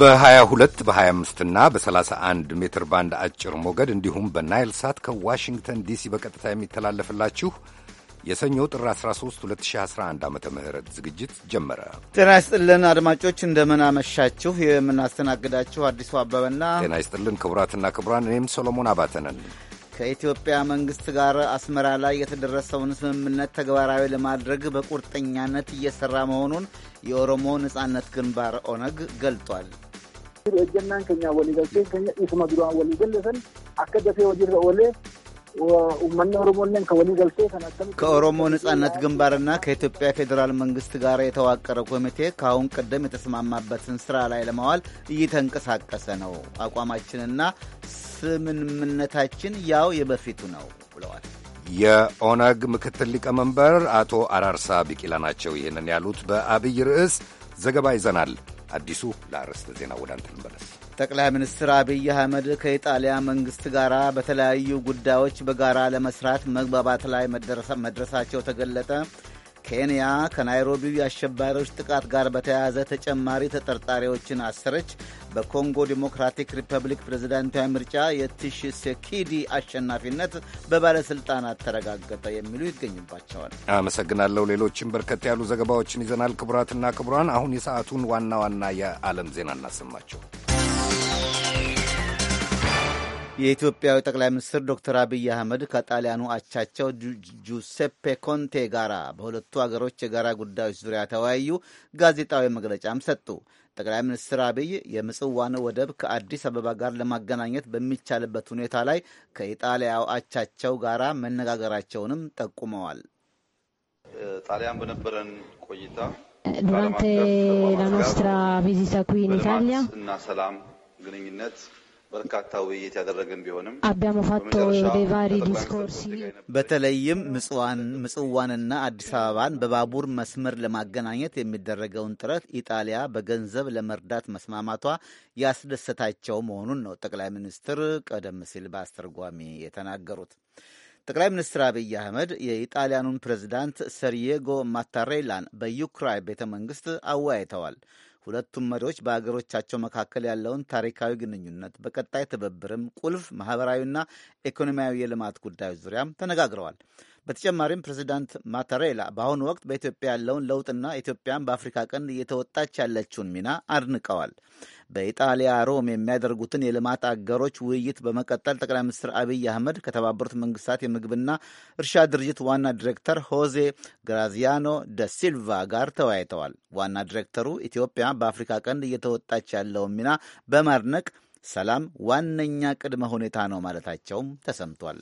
በ22 በ25 እና በ31 ሜትር ባንድ አጭር ሞገድ እንዲሁም በናይል ሳት ከዋሽንግተን ዲሲ በቀጥታ የሚተላለፍላችሁ የሰኞ ጥር 13 2011 ዓ ም ዝግጅት ጀመረ። ጤና ይስጥልን አድማጮች፣ እንደምን አመሻችሁ። የምናስተናግዳችሁ አዲሱ አበበና ጤና ይስጥልን ክቡራትና ክቡራን፣ እኔም ሶሎሞን አባተ ነን። ከኢትዮጵያ መንግስት ጋር አስመራ ላይ የተደረሰውን ስምምነት ተግባራዊ ለማድረግ በቁርጠኛነት እየሰራ መሆኑን የኦሮሞ ነጻነት ግንባር ኦነግ ገልጧል። hojjannaan keenyaa walii galtee keenya dhiisuma duraan walii san akka dafee hojiirra oolee uummanni ኦሮሞን ከወልይ ገልቴ ከኦሮሞ ነጻነት ግንባርና ከኢትዮጵያ ፌዴራል መንግስት ጋር የተዋቀረ ኮሚቴ ከአሁን ቀደም የተስማማበትን ስራ ላይ ለማዋል እየተንቀሳቀሰ ነው። አቋማችንና ስምምነታችን ያው የበፊቱ ነው ብለዋል። የኦነግ ምክትል ሊቀመንበር አቶ አራርሳ ቢቂላ ናቸው። ይህንን ያሉት በአብይ ርዕስ ዘገባ ይዘናል። አዲሱ ለአርዕስተ ዜና ወደ አንተ ልመለስ። ጠቅላይ ሚኒስትር አብይ አህመድ ከኢጣሊያ መንግስት ጋር በተለያዩ ጉዳዮች በጋራ ለመስራት መግባባት ላይ መድረሳቸው ተገለጠ። ኬንያ ከናይሮቢው የአሸባሪዎች ጥቃት ጋር በተያያዘ ተጨማሪ ተጠርጣሪዎችን አሰረች። በኮንጎ ዲሞክራቲክ ሪፐብሊክ ፕሬዝዳንታዊ ምርጫ የትሽሴኪዲ አሸናፊነት በባለሥልጣናት ተረጋገጠ የሚሉ ይገኙባቸዋል። አመሰግናለሁ። ሌሎችም በርከት ያሉ ዘገባዎችን ይዘናል። ክቡራትና ክቡራን፣ አሁን የሰዓቱን ዋና ዋና የዓለም ዜና እናሰማቸው። የኢትዮጵያዊ ጠቅላይ ሚኒስትር ዶክተር አብይ አህመድ ከጣሊያኑ አቻቸው ጁሴፔ ኮንቴ ጋራ በሁለቱ አገሮች የጋራ ጉዳዮች ዙሪያ ተወያዩ፣ ጋዜጣዊ መግለጫም ሰጡ። ጠቅላይ ሚኒስትር አብይ የምጽዋን ወደብ ከአዲስ አበባ ጋር ለማገናኘት በሚቻልበት ሁኔታ ላይ ከኢጣሊያው አቻቸው ጋራ መነጋገራቸውንም ጠቁመዋል። ጣሊያን በነበረን ቆይታ ዱራንቴ ላ ኖስትራ ቪዚታ qui in Italia እና ሰላም ግንኙነት Abbiamo fatto dei vari discorsi. በተለይም ምጽዋንና አዲስ አበባን በባቡር መስመር ለማገናኘት የሚደረገውን ጥረት ኢጣሊያ በገንዘብ ለመርዳት መስማማቷ ያስደሰታቸው መሆኑን ነው ጠቅላይ ሚኒስትር ቀደም ሲል በአስተርጓሚ የተናገሩት። ጠቅላይ ሚኒስትር አብይ አህመድ የኢጣሊያኑን ፕሬዚዳንት ሰርዬጎ ማታሬላን በዩክራይ ቤተ መንግሥት አወያይተዋል። ሁለቱም መሪዎች በአገሮቻቸው መካከል ያለውን ታሪካዊ ግንኙነት በቀጣይ ትብብርም ቁልፍ ማህበራዊና ኢኮኖሚያዊ የልማት ጉዳዮች ዙሪያም ተነጋግረዋል። በተጨማሪም ፕሬዚዳንት ማታሬላ በአሁኑ ወቅት በኢትዮጵያ ያለውን ለውጥና ኢትዮጵያን በአፍሪካ ቀንድ እየተወጣች ያለችውን ሚና አድንቀዋል። በኢጣሊያ ሮም የሚያደርጉትን የልማት አገሮች ውይይት በመቀጠል ጠቅላይ ሚኒስትር አብይ አህመድ ከተባበሩት መንግስታት የምግብና እርሻ ድርጅት ዋና ዲሬክተር ሆዜ ግራዚያኖ ደ ሲልቫ ጋር ተወያይተዋል። ዋና ዲሬክተሩ ኢትዮጵያ በአፍሪካ ቀንድ እየተወጣች ያለውን ሚና በማድነቅ ሰላም ዋነኛ ቅድመ ሁኔታ ነው ማለታቸውም ተሰምቷል።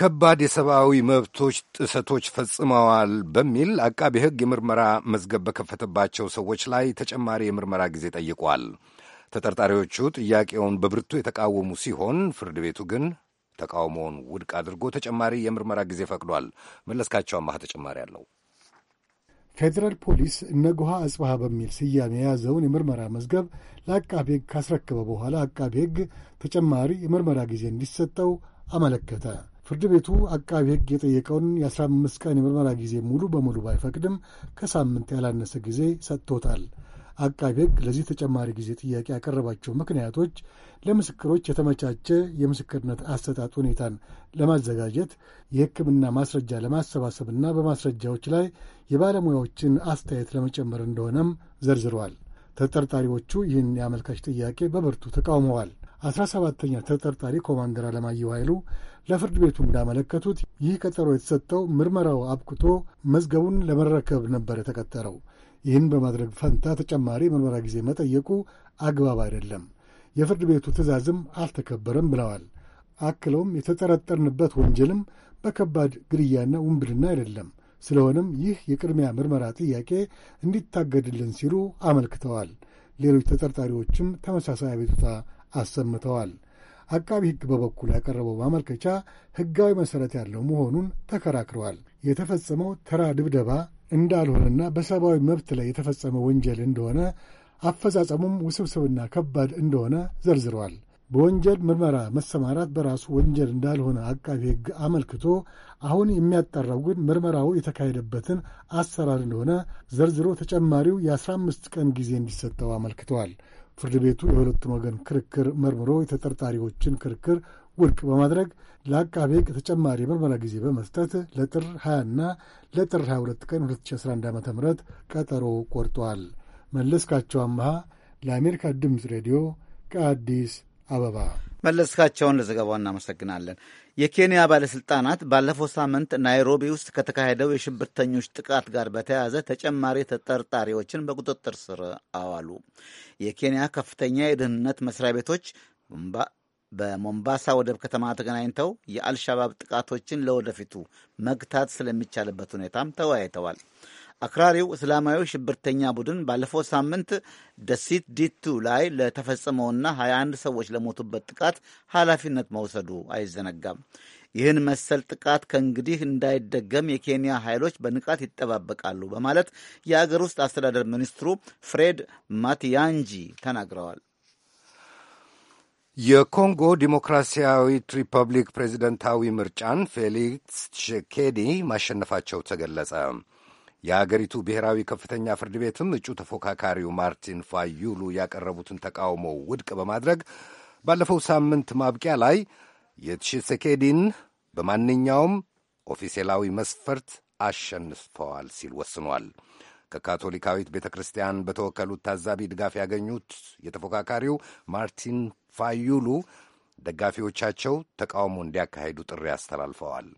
ከባድ የሰብአዊ መብቶች ጥሰቶች ፈጽመዋል በሚል አቃቢ ሕግ የምርመራ መዝገብ በከፈተባቸው ሰዎች ላይ ተጨማሪ የምርመራ ጊዜ ጠይቋል። ተጠርጣሪዎቹ ጥያቄውን በብርቱ የተቃወሙ ሲሆን ፍርድ ቤቱ ግን ተቃውሞውን ውድቅ አድርጎ ተጨማሪ የምርመራ ጊዜ ፈቅዷል። መለስካቸው አማሃ ተጨማሪ አለው። ፌዴራል ፖሊስ እነ አጽባሃ በሚል ስያሜ የያዘውን የምርመራ መዝገብ ለአቃቢ ሕግ ካስረከበ በኋላ አቃቢ ሕግ ተጨማሪ የምርመራ ጊዜ እንዲሰጠው አመለከተ። ፍርድ ቤቱ አቃቢ ሕግ የጠየቀውን የ15 ቀን የምርመራ ጊዜ ሙሉ በሙሉ ባይፈቅድም ከሳምንት ያላነሰ ጊዜ ሰጥቶታል። አቃቢ ሕግ ለዚህ ተጨማሪ ጊዜ ጥያቄ ያቀረባቸው ምክንያቶች ለምስክሮች የተመቻቸ የምስክርነት አሰጣጥ ሁኔታን ለማዘጋጀት፣ የሕክምና ማስረጃ ለማሰባሰብና በማስረጃዎች ላይ የባለሙያዎችን አስተያየት ለመጨመር እንደሆነም ዘርዝረዋል። ተጠርጣሪዎቹ ይህን የአመልካች ጥያቄ በብርቱ ተቃውመዋል። አስራ ሰባተኛ ተጠርጣሪ ኮማንደር አለማየሁ ኃይሉ ለፍርድ ቤቱ እንዳመለከቱት ይህ ቀጠሮ የተሰጠው ምርመራው አብቅቶ መዝገቡን ለመረከብ ነበር የተቀጠረው። ይህን በማድረግ ፈንታ ተጨማሪ ምርመራ ጊዜ መጠየቁ አግባብ አይደለም፣ የፍርድ ቤቱ ትዕዛዝም አልተከበረም ብለዋል። አክለውም የተጠረጠርንበት ወንጀልም በከባድ ግድያና ውንብድና አይደለም። ስለሆነም ይህ የቅድሚያ ምርመራ ጥያቄ እንዲታገድልን ሲሉ አመልክተዋል። ሌሎች ተጠርጣሪዎችም ተመሳሳይ አቤቱታ አሰምተዋል። አቃቢ ሕግ በበኩሉ ያቀረበው ማመልከቻ ሕጋዊ መሠረት ያለው መሆኑን ተከራክረዋል። የተፈጸመው ተራ ድብደባ እንዳልሆነና በሰብአዊ መብት ላይ የተፈጸመ ወንጀል እንደሆነ አፈጻጸሙም ውስብስብና ከባድ እንደሆነ ዘርዝረዋል። በወንጀል ምርመራ መሰማራት በራሱ ወንጀል እንዳልሆነ አቃቢ ሕግ አመልክቶ አሁን የሚያጠራው ግን ምርመራው የተካሄደበትን አሰራር እንደሆነ ዘርዝሮ ተጨማሪው የ15 ቀን ጊዜ እንዲሰጠው አመልክተዋል። ፍርድ ቤቱ የሁለቱን ወገን ክርክር መርምሮ የተጠርጣሪዎችን ክርክር ውድቅ በማድረግ ለአቃቤ ሕግ ተጨማሪ የምርመራ ጊዜ በመስጠት ለጥር 20ና ለጥር 22 ቀን 2011 ዓ ም ቀጠሮ ቆርጧል። መለስካቸው አመሃ ለአሜሪካ ድምፅ ሬዲዮ ከአዲስ አበባ መለስካቸውን ለዘገባው እናመሰግናለን። የኬንያ ባለሥልጣናት ባለፈው ሳምንት ናይሮቢ ውስጥ ከተካሄደው የሽብርተኞች ጥቃት ጋር በተያያዘ ተጨማሪ ተጠርጣሪዎችን በቁጥጥር ስር አዋሉ። የኬንያ ከፍተኛ የደህንነት መስሪያ ቤቶች በሞምባሳ ወደብ ከተማ ተገናኝተው የአልሻባብ ጥቃቶችን ለወደፊቱ መግታት ስለሚቻልበት ሁኔታም ተወያይተዋል። አክራሪው እስላማዊ ሽብርተኛ ቡድን ባለፈው ሳምንት ደሴት ዲቱ ላይ ለተፈጸመውና 21 ሰዎች ለሞቱበት ጥቃት ኃላፊነት መውሰዱ አይዘነጋም። ይህን መሰል ጥቃት ከእንግዲህ እንዳይደገም የኬንያ ኃይሎች በንቃት ይጠባበቃሉ በማለት የአገር ውስጥ አስተዳደር ሚኒስትሩ ፍሬድ ማቲያንጂ ተናግረዋል። የኮንጎ ዲሞክራሲያዊት ሪፐብሊክ ፕሬዚደንታዊ ምርጫን ፌሊክስ ቺሴኬዲ ማሸነፋቸው ተገለጸ። የአገሪቱ ብሔራዊ ከፍተኛ ፍርድ ቤትም እጩ ተፎካካሪው ማርቲን ፋዩሉ ያቀረቡትን ተቃውሞ ውድቅ በማድረግ ባለፈው ሳምንት ማብቂያ ላይ የትሽሴኬዲን በማንኛውም ኦፊሴላዊ መስፈርት አሸንፈዋል ሲል ወስኗል። ከካቶሊካዊት ቤተ ክርስቲያን በተወከሉት ታዛቢ ድጋፍ ያገኙት የተፎካካሪው ማርቲን ፋዩሉ ደጋፊዎቻቸው ተቃውሞ እንዲያካሂዱ ጥሪ አስተላልፈዋል።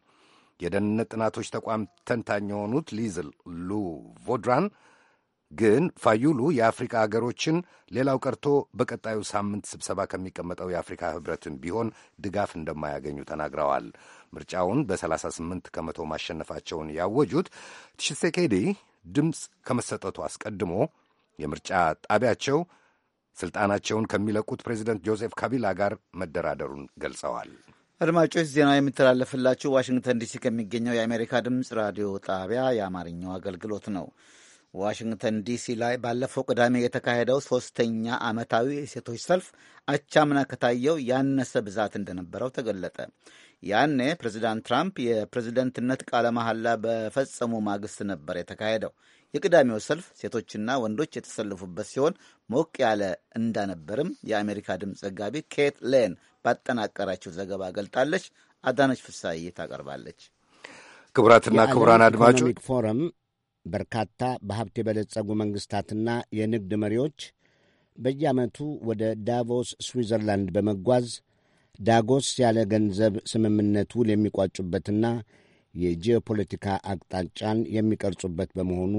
የደህንነት ጥናቶች ተቋም ተንታኝ የሆኑት ሊዝል ሉ ቮድራን ግን ፋዩሉ የአፍሪካ አገሮችን ሌላው ቀርቶ በቀጣዩ ሳምንት ስብሰባ ከሚቀመጠው የአፍሪካ ህብረትን ቢሆን ድጋፍ እንደማያገኙ ተናግረዋል። ምርጫውን በ38 ከመቶ ማሸነፋቸውን ያወጁት ትሽሴኬዲ ድምፅ ከመሰጠቱ አስቀድሞ የምርጫ ጣቢያቸው ስልጣናቸውን ከሚለቁት ፕሬዚደንት ጆሴፍ ካቢላ ጋር መደራደሩን ገልጸዋል። አድማጮች ዜናው የሚተላለፍላችሁ ዋሽንግተን ዲሲ ከሚገኘው የአሜሪካ ድምፅ ራዲዮ ጣቢያ የአማርኛው አገልግሎት ነው። ዋሽንግተን ዲሲ ላይ ባለፈው ቅዳሜ የተካሄደው ሶስተኛ ዓመታዊ የሴቶች ሰልፍ አቻምና ከታየው ያነሰ ብዛት እንደነበረው ተገለጠ። ያኔ ፕሬዚዳንት ትራምፕ የፕሬዝደንትነት ቃለ መሐላ በፈጸሙ ማግስት ነበር የተካሄደው። የቅዳሜው ሰልፍ ሴቶችና ወንዶች የተሰለፉበት ሲሆን ሞቅ ያለ እንዳነበርም የአሜሪካ ድምፅ ዘጋቢ ኬት ሌን ባጠናቀረችው ዘገባ ገልጣለች። አዳነች ፍሳዬ ታቀርባለች። ክቡራትና ክቡራን አድማጮች ፎረም በርካታ በሀብት የበለጸጉ መንግሥታትና የንግድ መሪዎች በየዓመቱ ወደ ዳቮስ ስዊዘርላንድ በመጓዝ ዳጎስ ያለ ገንዘብ ስምምነት ውል የሚቋጩበትና የጂኦፖለቲካ አቅጣጫን የሚቀርጹበት በመሆኑ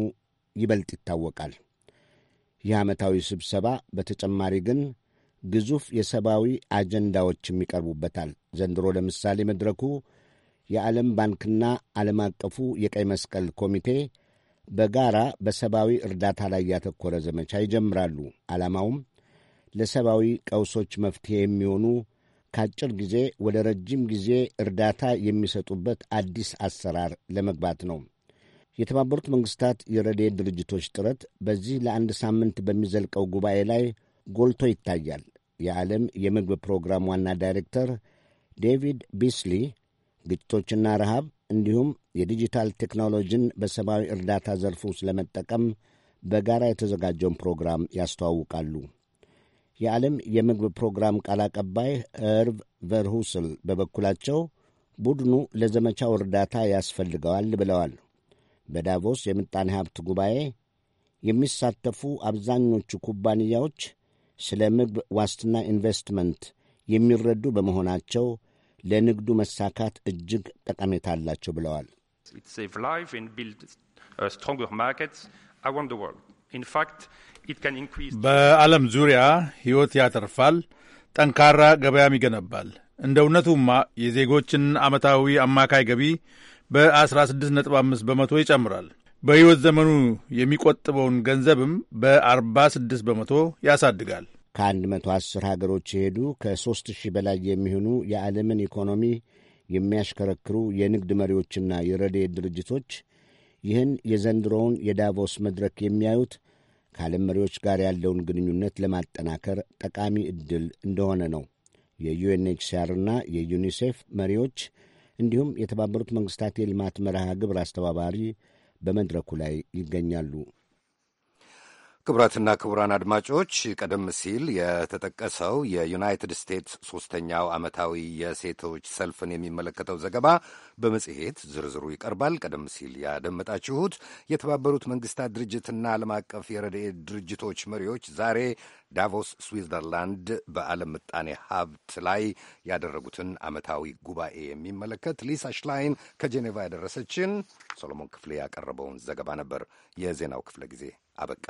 ይበልጥ ይታወቃል። ይህ ዓመታዊ ስብሰባ በተጨማሪ ግን ግዙፍ የሰብአዊ አጀንዳዎችም ይቀርቡበታል። ዘንድሮ ለምሳሌ መድረኩ የዓለም ባንክና ዓለም አቀፉ የቀይ መስቀል ኮሚቴ በጋራ በሰብአዊ እርዳታ ላይ ያተኮረ ዘመቻ ይጀምራሉ። ዓላማውም ለሰብአዊ ቀውሶች መፍትሄ የሚሆኑ ከአጭር ጊዜ ወደ ረጅም ጊዜ እርዳታ የሚሰጡበት አዲስ አሰራር ለመግባት ነው። የተባበሩት መንግሥታት የረድኤት ድርጅቶች ጥረት በዚህ ለአንድ ሳምንት በሚዘልቀው ጉባኤ ላይ ጎልቶ ይታያል። የዓለም የምግብ ፕሮግራም ዋና ዳይሬክተር ዴቪድ ቢስሊ ግጭቶችና ረሃብ እንዲሁም የዲጂታል ቴክኖሎጂን በሰብአዊ እርዳታ ዘርፉ ስለመጠቀም በጋራ የተዘጋጀውን ፕሮግራም ያስተዋውቃሉ። የዓለም የምግብ ፕሮግራም ቃል አቀባይ እርቭ ቨርሁስል በበኩላቸው ቡድኑ ለዘመቻው እርዳታ ያስፈልገዋል ብለዋል። በዳቮስ የምጣኔ ሀብት ጉባኤ የሚሳተፉ አብዛኞቹ ኩባንያዎች ስለ ምግብ ዋስትና ኢንቨስትመንት የሚረዱ በመሆናቸው ለንግዱ መሳካት እጅግ ጠቀሜታ አላቸው ብለዋል። uh, በዓለም ዙሪያ ሕይወት ያተርፋል፣ ጠንካራ ገበያም ይገነባል። እንደ እውነቱማ የዜጎችን ዓመታዊ አማካይ ገቢ በ16.5 በመቶ ይጨምራል። በሕይወት ዘመኑ የሚቆጥበውን ገንዘብም በ46 በመቶ ያሳድጋል። ከ110 ሀገሮች የሄዱ ከ3000 በላይ የሚሆኑ የዓለምን ኢኮኖሚ የሚያሽከረክሩ የንግድ መሪዎችና የረድኤት ድርጅቶች ይህን የዘንድሮውን የዳቮስ መድረክ የሚያዩት ከዓለም መሪዎች ጋር ያለውን ግንኙነት ለማጠናከር ጠቃሚ ዕድል እንደሆነ ነው። የዩኤንኤችሲአርና የዩኒሴፍ መሪዎች እንዲሁም የተባበሩት መንግሥታት የልማት መርሃ ግብር አስተባባሪ በመድረኩ ላይ ይገኛሉ። ክቡራትና ክቡራን አድማጮች ቀደም ሲል የተጠቀሰው የዩናይትድ ስቴትስ ሶስተኛው ዓመታዊ የሴቶች ሰልፍን የሚመለከተው ዘገባ በመጽሔት ዝርዝሩ ይቀርባል። ቀደም ሲል ያደመጣችሁት የተባበሩት መንግስታት ድርጅትና ዓለም አቀፍ የረድኤት ድርጅቶች መሪዎች ዛሬ ዳቮስ ስዊዘርላንድ በዓለም ምጣኔ ሀብት ላይ ያደረጉትን ዓመታዊ ጉባኤ የሚመለከት ሊሳ ሽላይን ከጄኔቫ ያደረሰችን ሰሎሞን ክፍሌ ያቀረበውን ዘገባ ነበር። የዜናው ክፍለ ጊዜ አበቃ።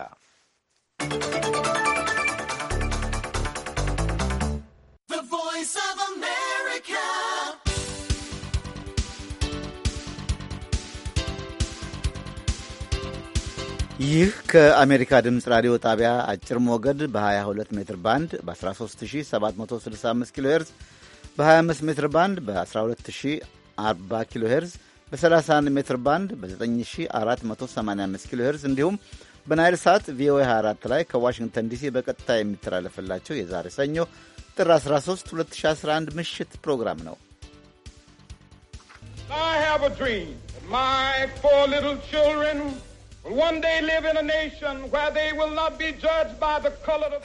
ይህ ከአሜሪካ ድምፅ ራዲዮ ጣቢያ አጭር ሞገድ በ22 ሜትር ባንድ በ13765 ኪሎ ሄርዝ በ25 ሜትር ባንድ በ1240 ኪሎ ሄርዝ በ31 ሜትር ባንድ በ9485 ኪሎ ሄርዝ እንዲሁም በናይል ሳት ቪኦኤ 24 ላይ ከዋሽንግተን ዲሲ በቀጥታ የሚተላለፍላቸው የዛሬ ሰኞ ጥር 13 2011 ምሽት ፕሮግራም ነው።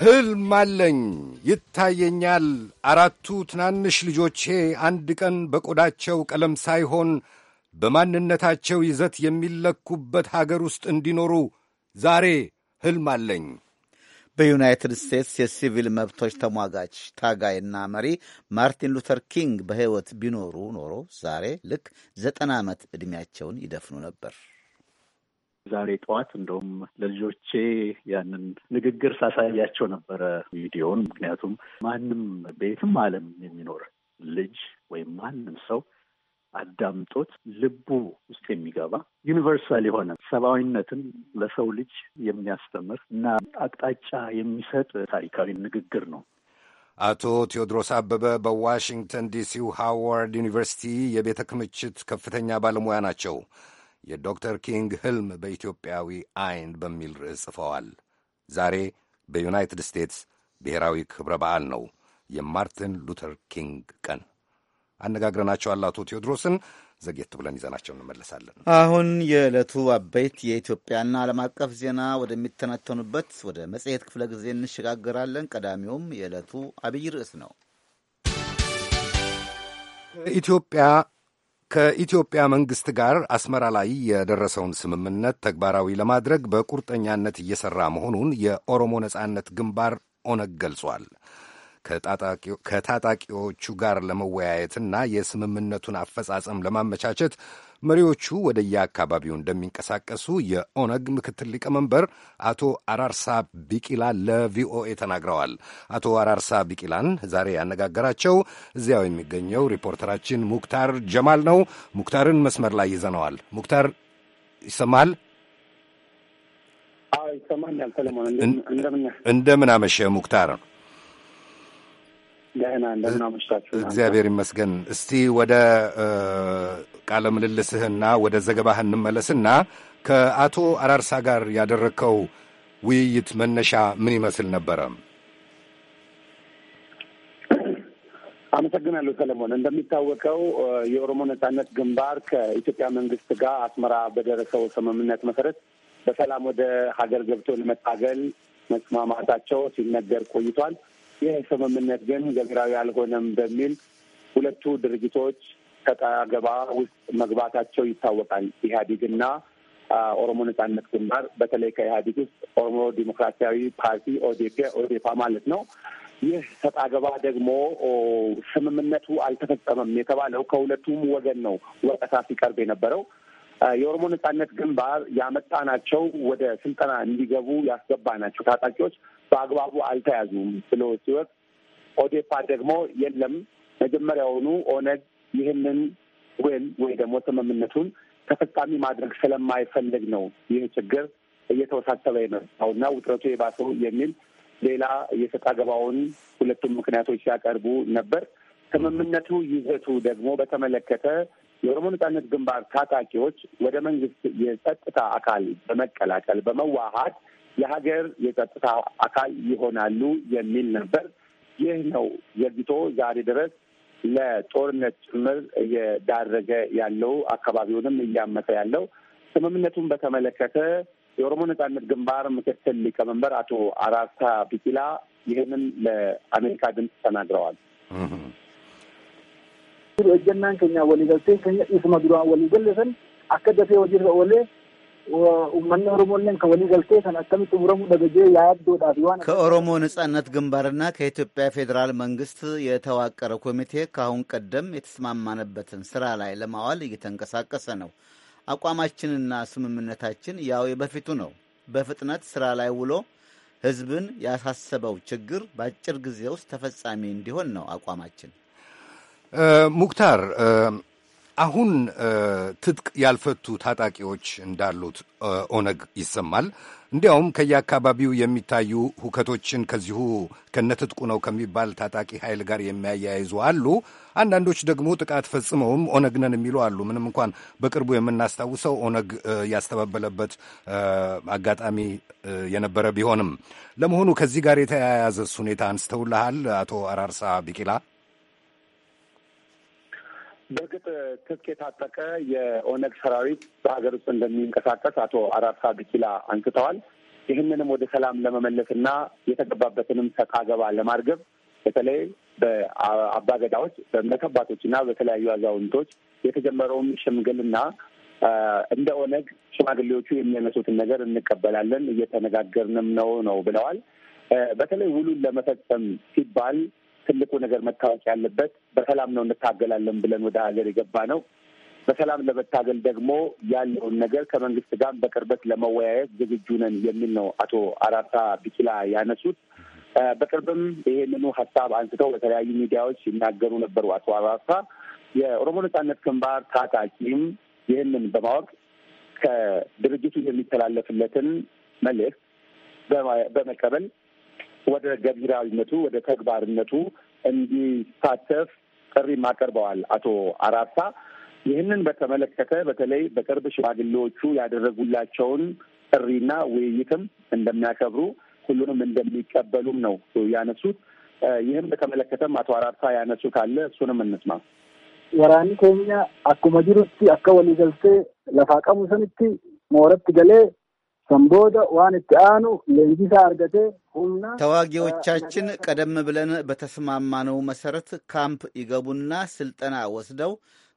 ህልም አለኝ ይታየኛል። አራቱ ትናንሽ ልጆቼ አንድ ቀን በቆዳቸው ቀለም ሳይሆን በማንነታቸው ይዘት የሚለኩበት ሀገር ውስጥ እንዲኖሩ ዛሬ ህልም አለኝ። በዩናይትድ ስቴትስ የሲቪል መብቶች ተሟጋች ታጋይና መሪ ማርቲን ሉተር ኪንግ በሕይወት ቢኖሩ ኖሮ ዛሬ ልክ ዘጠና ዓመት ዕድሜያቸውን ይደፍኑ ነበር። ዛሬ ጠዋት እንደውም ለልጆቼ ያንን ንግግር ሳሳያቸው ነበረ ቪዲዮውን። ምክንያቱም ማንም በየትም ዓለም የሚኖር ልጅ ወይም ማንም ሰው አዳምጦት ልቡ ውስጥ የሚገባ ዩኒቨርሳል የሆነ ሰብአዊነትን ለሰው ልጅ የሚያስተምር እና አቅጣጫ የሚሰጥ ታሪካዊ ንግግር ነው። አቶ ቴዎድሮስ አበበ በዋሽንግተን ዲሲው ሃዋርድ ዩኒቨርሲቲ የቤተ ክምችት ከፍተኛ ባለሙያ ናቸው። የዶክተር ኪንግ ህልም በኢትዮጵያዊ አይን በሚል ርዕስ ጽፈዋል። ዛሬ በዩናይትድ ስቴትስ ብሔራዊ ክብረ በዓል ነው የማርቲን ሉተር ኪንግ ቀን። አነጋግረናቸዋል አቶ ቴዎድሮስን። ዘግየት ብለን ይዘናቸው እንመለሳለን። አሁን የዕለቱ አበይት የኢትዮጵያና ዓለም አቀፍ ዜና ወደሚተነተኑበት ወደ መጽሔት ክፍለ ጊዜ እንሸጋገራለን። ቀዳሚውም የዕለቱ አብይ ርዕስ ነው። ኢትዮጵያ ከኢትዮጵያ መንግሥት ጋር አስመራ ላይ የደረሰውን ስምምነት ተግባራዊ ለማድረግ በቁርጠኛነት እየሠራ መሆኑን የኦሮሞ ነጻነት ግንባር ኦነግ ገልጿል። ከታጣቂዎቹ ጋር ለመወያየትና የስምምነቱን አፈጻጸም ለማመቻቸት መሪዎቹ ወደየአካባቢው እንደሚንቀሳቀሱ የኦነግ ምክትል ሊቀመንበር አቶ አራርሳ ቢቂላ ለቪኦኤ ተናግረዋል። አቶ አራርሳ ቢቂላን ዛሬ ያነጋገራቸው እዚያው የሚገኘው ሪፖርተራችን ሙክታር ጀማል ነው። ሙክታርን መስመር ላይ ይዘነዋል። ሙክታር ይሰማል? ይሰማኛል። ሰለሞን እንደምን አመሸ ሙክታር? ደህና እንደምን አመሻችሁ። እግዚአብሔር ይመስገን። እስቲ ወደ ቃለ ምልልስህና ወደ ዘገባህ እንመለስና ከአቶ አራርሳ ጋር ያደረግከው ውይይት መነሻ ምን ይመስል ነበረ? አመሰግናለሁ ሰለሞን። እንደሚታወቀው የኦሮሞ ነጻነት ግንባር ከኢትዮጵያ መንግስት ጋር አስመራ በደረሰው ስምምነት መሰረት በሰላም ወደ ሀገር ገብቶ ለመታገል መስማማታቸው ሲነገር ቆይቷል። ይህ ስምምነት ግን ገቢራዊ አልሆነም በሚል ሁለቱ ድርጅቶች ከጠገባ ውስጥ መግባታቸው ይታወቃል። ኢህአዴግና ኦሮሞ ነጻነት ግንባር በተለይ ከኢህአዴግ ውስጥ ኦሮሞ ዲሞክራሲያዊ ፓርቲ ኦዴፔ ኦዴፓ ማለት ነው። ይህ ሰጣ ገባ ደግሞ ስምምነቱ አልተፈጸመም የተባለው ከሁለቱም ወገን ነው ወቀሳ ሲቀርብ የነበረው። የኦሮሞ ነጻነት ግንባር ያመጣናቸው ወደ ስልጠና እንዲገቡ ያስገባናቸው ታጣቂዎች በአግባቡ አልተያዙም ብሎ ሲወቅ ኦዴፓ ደግሞ የለም መጀመሪያውኑ ኦነግ ይህንን ውል ወይ ደግሞ ስምምነቱን ተፈጻሚ ማድረግ ስለማይፈልግ ነው ይህ ችግር እየተወሳሰበ የመጣው እና ውጥረቱ የባሰው የሚል ሌላ የሰጣ ገባውን ሁለቱም ምክንያቶች ሲያቀርቡ ነበር። ስምምነቱ ይዘቱ ደግሞ በተመለከተ የኦሮሞ ነጻነት ግንባር ታጣቂዎች ወደ መንግስት የጸጥታ አካል በመቀላቀል በመዋሀድ የሀገር የጸጥታ አካል ይሆናሉ የሚል ነበር። ይህ ነው ዘግይቶ ዛሬ ድረስ ለጦርነት ጭምር እየዳረገ ያለው አካባቢውንም እያመሰ ያለው። ስምምነቱን በተመለከተ የኦሮሞ ነጻነት ግንባር ምክትል ሊቀመንበር አቶ አራርሳ ቢቂላ ይህንን ለአሜሪካ ድምፅ ተናግረዋል። ጀናን ከኛ ወሊገልቴ ከኛ ኢስማ ዱራ ወሊገልሰን አከደፌ ወዲ ወሌ ኡመን ኦሮሞለን ከወሊ ገልቴ ከን አከሚት ቡረሙ ደገጀ ያያዶዳፍ ዋን ከኦሮሞ ነጻነት ግንባርና ከኢትዮጵያ ፌዴራል መንግስት የተዋቀረ ኮሚቴ ከአሁን ቀደም የተስማማነበትን ስራ ላይ ለማዋል እየተንቀሳቀሰ ነው። አቋማችንና ስምምነታችን ያው የበፊቱ ነው። በፍጥነት ስራ ላይ ውሎ ህዝብን ያሳሰበው ችግር በአጭር ጊዜ ውስጥ ተፈጻሚ እንዲሆን ነው አቋማችን ሙክታር አሁን ትጥቅ ያልፈቱ ታጣቂዎች እንዳሉት ኦነግ ይሰማል። እንዲያውም ከየአካባቢው የሚታዩ ሁከቶችን ከዚሁ ከነትጥቁ ነው ከሚባል ታጣቂ ኃይል ጋር የሚያያይዙ አሉ። አንዳንዶች ደግሞ ጥቃት ፈጽመውም ኦነግ ነን የሚሉ አሉ። ምንም እንኳን በቅርቡ የምናስታውሰው ኦነግ ያስተባበለበት አጋጣሚ የነበረ ቢሆንም፣ ለመሆኑ ከዚህ ጋር የተያያዘስ ሁኔታ አንስተውልሃል አቶ አራርሳ ቢቂላ? በእርግጥ ትጥቅ የታጠቀ የኦነግ ሰራዊት በሀገር ውስጥ እንደሚንቀሳቀስ አቶ አራርሳ ቢኪላ አንስተዋል። ይህንንም ወደ ሰላም ለመመለስና የተገባበትንም ሰጣ ገባ ለማርገብ በተለይ በአባገዳዎች በእምነት በተለያዩ አዛውንቶች የተጀመረውን ሽምግልና እንደ ኦነግ ሽማግሌዎቹ የሚያነሱትን ነገር እንቀበላለን እየተነጋገርንም ነው ነው ብለዋል። በተለይ ውሉን ለመፈጸም ሲባል ትልቁ ነገር መታወቅ ያለበት በሰላም ነው እንታገላለን ብለን ወደ ሀገር የገባ ነው። በሰላም ለመታገል ደግሞ ያለውን ነገር ከመንግስት ጋር በቅርበት ለመወያየት ዝግጁ ነን የሚል ነው አቶ አራርሳ ቢቂላ ያነሱት። በቅርብም ይሄንኑ ሀሳብ አንስተው በተለያዩ ሚዲያዎች ይናገሩ ነበሩ አቶ አራርሳ። የኦሮሞ ነጻነት ግንባር ታጣቂም ይህንን በማወቅ ከድርጅቱ የሚተላለፍለትን መልእክት በመቀበል ወደ ገቢራዊነቱ ወደ ተግባርነቱ እንዲሳተፍ ጥሪ አቅርበዋል አቶ አራርሳ። ይህንን በተመለከተ በተለይ በቅርብ ሽማግሌዎቹ ያደረጉላቸውን ጥሪና ውይይትም እንደሚያከብሩ ሁሉንም እንደሚቀበሉም ነው ያነሱት። ይህም በተመለከተም አቶ አራርሳ ያነሱ ካለ እሱንም እንስማ። ወራኒ ኬኛ አኩመ ጅሩቲ አከ ወሊገልቴ ለፋ ቀሙ ሰንቲ ሞረት ገሌ ተዋጊዎቻችን ቀደም ብለን በተስማማነው መሰረት ካምፕ ይገቡና ስልጠና ወስደው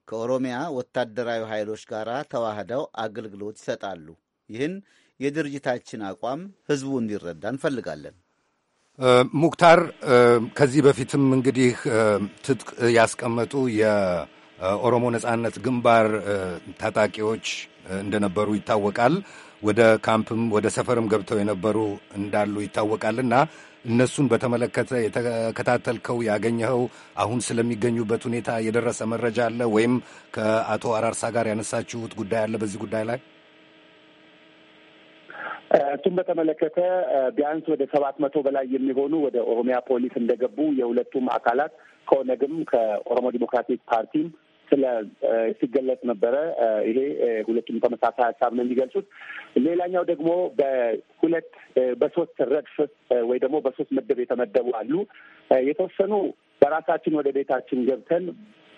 ከኦሮሚያ ወታደራዊ ኃይሎች ጋር ተዋህደው አገልግሎት ይሰጣሉ። ይህን የድርጅታችን አቋም ህዝቡ እንዲረዳ እንፈልጋለን። ሙክታር፣ ከዚህ በፊትም እንግዲህ ትጥቅ ያስቀመጡ የኦሮሞ ነጻነት ግንባር ታጣቂዎች እንደነበሩ ይታወቃል። ወደ ካምፕም ወደ ሰፈርም ገብተው የነበሩ እንዳሉ ይታወቃልና እነሱን በተመለከተ የተከታተልከው ያገኘኸው አሁን ስለሚገኙበት ሁኔታ የደረሰ መረጃ አለ ወይም ከአቶ አራርሳ ጋር ያነሳችሁት ጉዳይ አለ? በዚህ ጉዳይ ላይ እሱን በተመለከተ ቢያንስ ወደ ሰባት መቶ በላይ የሚሆኑ ወደ ኦሮሚያ ፖሊስ እንደገቡ የሁለቱም አካላት ከኦነግም ከኦሮሞ ዲሞክራቲክ ፓርቲም ስለ ሲገለጽ ነበረ። ይሄ ሁለቱም ተመሳሳይ ሀሳብ ነው የሚገልጹት። ሌላኛው ደግሞ በሁለት በሶስት ረድፍ ወይ ደግሞ በሶስት ምድብ የተመደቡ አሉ። የተወሰኑ በራሳችን ወደ ቤታችን ገብተን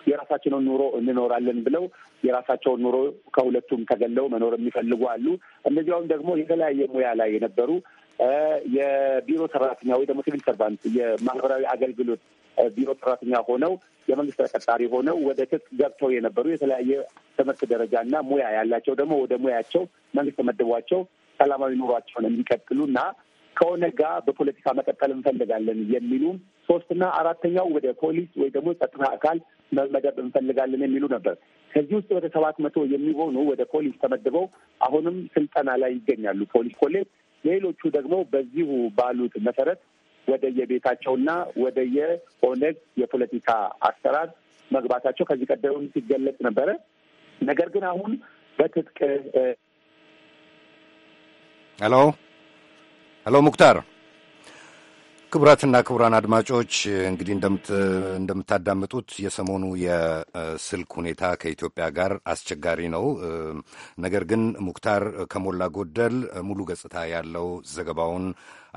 የራሳችንን ኑሮ እንኖራለን ብለው የራሳቸውን ኑሮ ከሁለቱም ተገለው መኖር የሚፈልጉ አሉ። እነዚያውም ደግሞ የተለያየ ሙያ ላይ የነበሩ የቢሮ ሰራተኛ ወይ ደግሞ ሲቪል ሰርቫንት የማህበራዊ አገልግሎት ቢሮ ሰራተኛ ሆነው የመንግስት ተቀጣሪ ሆነው ወደ ክስ ገብተው የነበሩ የተለያየ ትምህርት ደረጃና ሙያ ያላቸው ደግሞ ወደ ሙያቸው መንግስት መድቧቸው ሰላማዊ ኑሯቸውን እና ከሆነ ጋር በፖለቲካ መቀጠል እንፈልጋለን የሚሉ ሶስትና አራተኛው ወደ ፖሊስ ወይ ደግሞ ጸጥታ አካል መመደብ እንፈልጋለን የሚሉ ነበር። ከዚህ ውስጥ ወደ ሰባት መቶ የሚሆኑ ወደ ፖሊስ ተመድበው አሁንም ስልጠና ላይ ይገኛሉ ፖሊስ ኮሌጅ። ሌሎቹ ደግሞ በዚሁ ባሉት መሰረት ወደየቤታቸውና የኦነግ የፖለቲካ አሰራር መግባታቸው ከዚህ ቀደም ሲገለጽ ነበረ። ነገር ግን አሁን በትጥቅ ሄሎ ሄሎ ሙክታር ክቡራትና ክቡራን አድማጮች እንግዲህ እንደምታዳምጡት የሰሞኑ የስልክ ሁኔታ ከኢትዮጵያ ጋር አስቸጋሪ ነው። ነገር ግን ሙክታር ከሞላ ጎደል ሙሉ ገጽታ ያለው ዘገባውን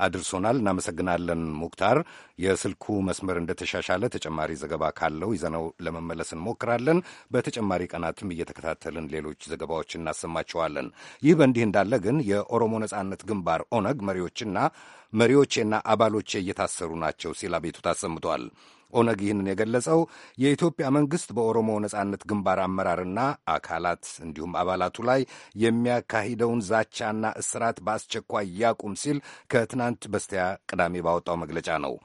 አድርሶናል። እናመሰግናለን ሙክታር። የስልኩ መስመር እንደተሻሻለ ተጨማሪ ዘገባ ካለው ይዘነው ለመመለስ እንሞክራለን። በተጨማሪ ቀናትም እየተከታተልን ሌሎች ዘገባዎች እናሰማችኋለን። ይህ በእንዲህ እንዳለ ግን የኦሮሞ ነጻነት ግንባር ኦነግ መሪዎችና መሪዎቼና አባሎቼ እየታሰሩ ናቸው ሲል አቤቱታ አሰምቷል። ኦነግ ይህንን የገለጸው የኢትዮጵያ መንግስት በኦሮሞ ነጻነት ግንባር አመራርና አካላት እንዲሁም አባላቱ ላይ የሚያካሂደውን ዛቻና እስራት በአስቸኳይ ያቁም ሲል ከትናንት በስቲያ ቅዳሜ ባወጣው መግለጫ ነው።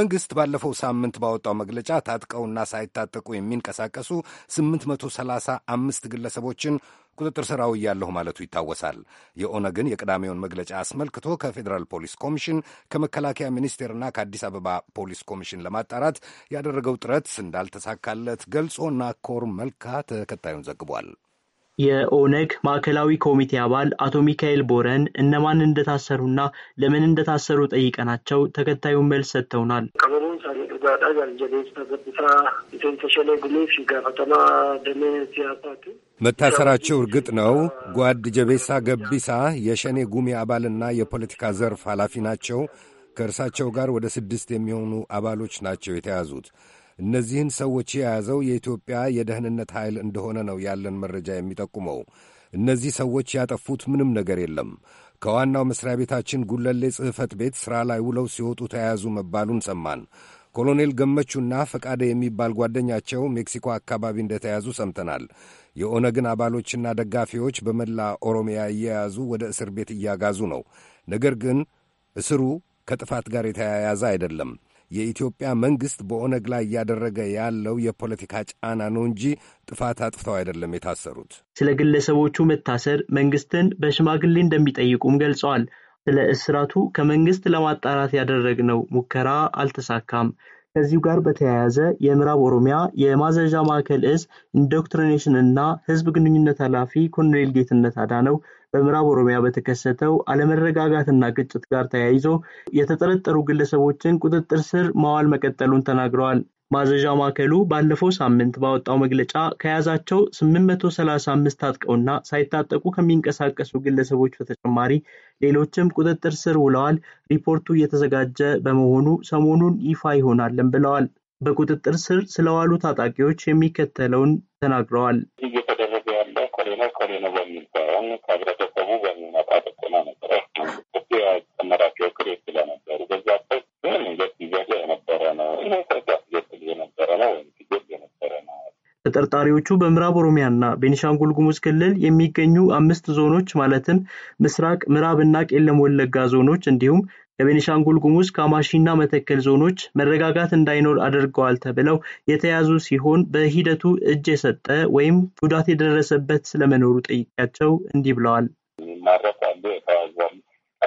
መንግስት ባለፈው ሳምንት ባወጣው መግለጫ ታጥቀውና ሳይታጠቁ የሚንቀሳቀሱ 835 ግለሰቦችን ቁጥጥር ስር አውያለሁ ማለቱ ይታወሳል። የኦነግን የቅዳሜውን መግለጫ አስመልክቶ ከፌዴራል ፖሊስ ኮሚሽን ከመከላከያ ሚኒስቴርና ከአዲስ አበባ ፖሊስ ኮሚሽን ለማጣራት ያደረገው ጥረት እንዳልተሳካለት ገልጾ ናኮር መልካ ተከታዩን ዘግቧል። የኦነግ ማዕከላዊ ኮሚቴ አባል አቶ ሚካኤል ቦረን እነማን እንደታሰሩና ለምን እንደታሰሩ ጠይቀናቸው ተከታዩን መልስ ሰጥተውናል። መታሰራቸው እርግጥ ነው። ጓድ ጀቤሳ ገቢሳ የሸኔ ጉሚ አባልና የፖለቲካ ዘርፍ ኃላፊ ናቸው። ከእርሳቸው ጋር ወደ ስድስት የሚሆኑ አባሎች ናቸው የተያዙት። እነዚህን ሰዎች የያዘው የኢትዮጵያ የደህንነት ኃይል እንደሆነ ነው ያለን መረጃ የሚጠቁመው። እነዚህ ሰዎች ያጠፉት ምንም ነገር የለም። ከዋናው መሥሪያ ቤታችን ጉለሌ ጽሕፈት ቤት ሥራ ላይ ውለው ሲወጡ ተያያዙ መባሉን ሰማን። ኮሎኔል ገመቹና ፈቃደ የሚባል ጓደኛቸው ሜክሲኮ አካባቢ እንደተያዙ ሰምተናል። የኦነግን አባሎችና ደጋፊዎች በመላ ኦሮሚያ እየያዙ ወደ እስር ቤት እያጋዙ ነው። ነገር ግን እስሩ ከጥፋት ጋር የተያያዘ አይደለም። የኢትዮጵያ መንግሥት በኦነግ ላይ እያደረገ ያለው የፖለቲካ ጫና ነው እንጂ ጥፋት አጥፍተው አይደለም የታሰሩት። ስለ ግለሰቦቹ መታሰር መንግሥትን በሽማግሌ እንደሚጠይቁም ገልጸዋል። ስለ እስራቱ ከመንግስት ለማጣራት ያደረግነው ሙከራ አልተሳካም። ከዚሁ ጋር በተያያዘ የምዕራብ ኦሮሚያ የማዘዣ ማዕከል እዝ ኢንዶክትሪኔሽን እና ህዝብ ግንኙነት ኃላፊ ኮሎኔል ጌትነት አዳነው በምዕራብ ኦሮሚያ በተከሰተው አለመረጋጋትና ግጭት ጋር ተያይዞ የተጠረጠሩ ግለሰቦችን ቁጥጥር ስር ማዋል መቀጠሉን ተናግረዋል። ማዘዣ ማዕከሉ ባለፈው ሳምንት ባወጣው መግለጫ ከያዛቸው 835 ታጥቀውና ሳይታጠቁ ከሚንቀሳቀሱ ግለሰቦች በተጨማሪ ሌሎችም ቁጥጥር ስር ውለዋል። ሪፖርቱ እየተዘጋጀ በመሆኑ ሰሞኑን ይፋ ይሆናልን ብለዋል። በቁጥጥር ስር ስለዋሉ ታጣቂዎች የሚከተለውን ተናግረዋል። እየተደረገ ያለ ኮሌነ ኮሌነ በሚል ሳይሆን ከህብረተሰቡ በሚመጣ ጥቆማ ነበረ መራቸው ክሬት ስለነበሩ በዛበት ይዘት ጊዜ የነበረ ነው በኋላ ወይም ችግር የነበረ ነው። ተጠርጣሪዎቹ በምዕራብ ኦሮሚያና ቤኒሻንጉል ጉሙዝ ክልል የሚገኙ አምስት ዞኖች ማለትም ምስራቅ፣ ምዕራብና ቄለም ወለጋ ዞኖች እንዲሁም ከቤኒሻንጉል ጉሙዝ ካማሺና መተከል ዞኖች መረጋጋት እንዳይኖር አድርገዋል ተብለው የተያዙ ሲሆን በሂደቱ እጅ የሰጠ ወይም ጉዳት የደረሰበት ስለመኖሩ ጠይቂያቸው እንዲህ ብለዋል። ይማረካሉ፣ የተያዛሉ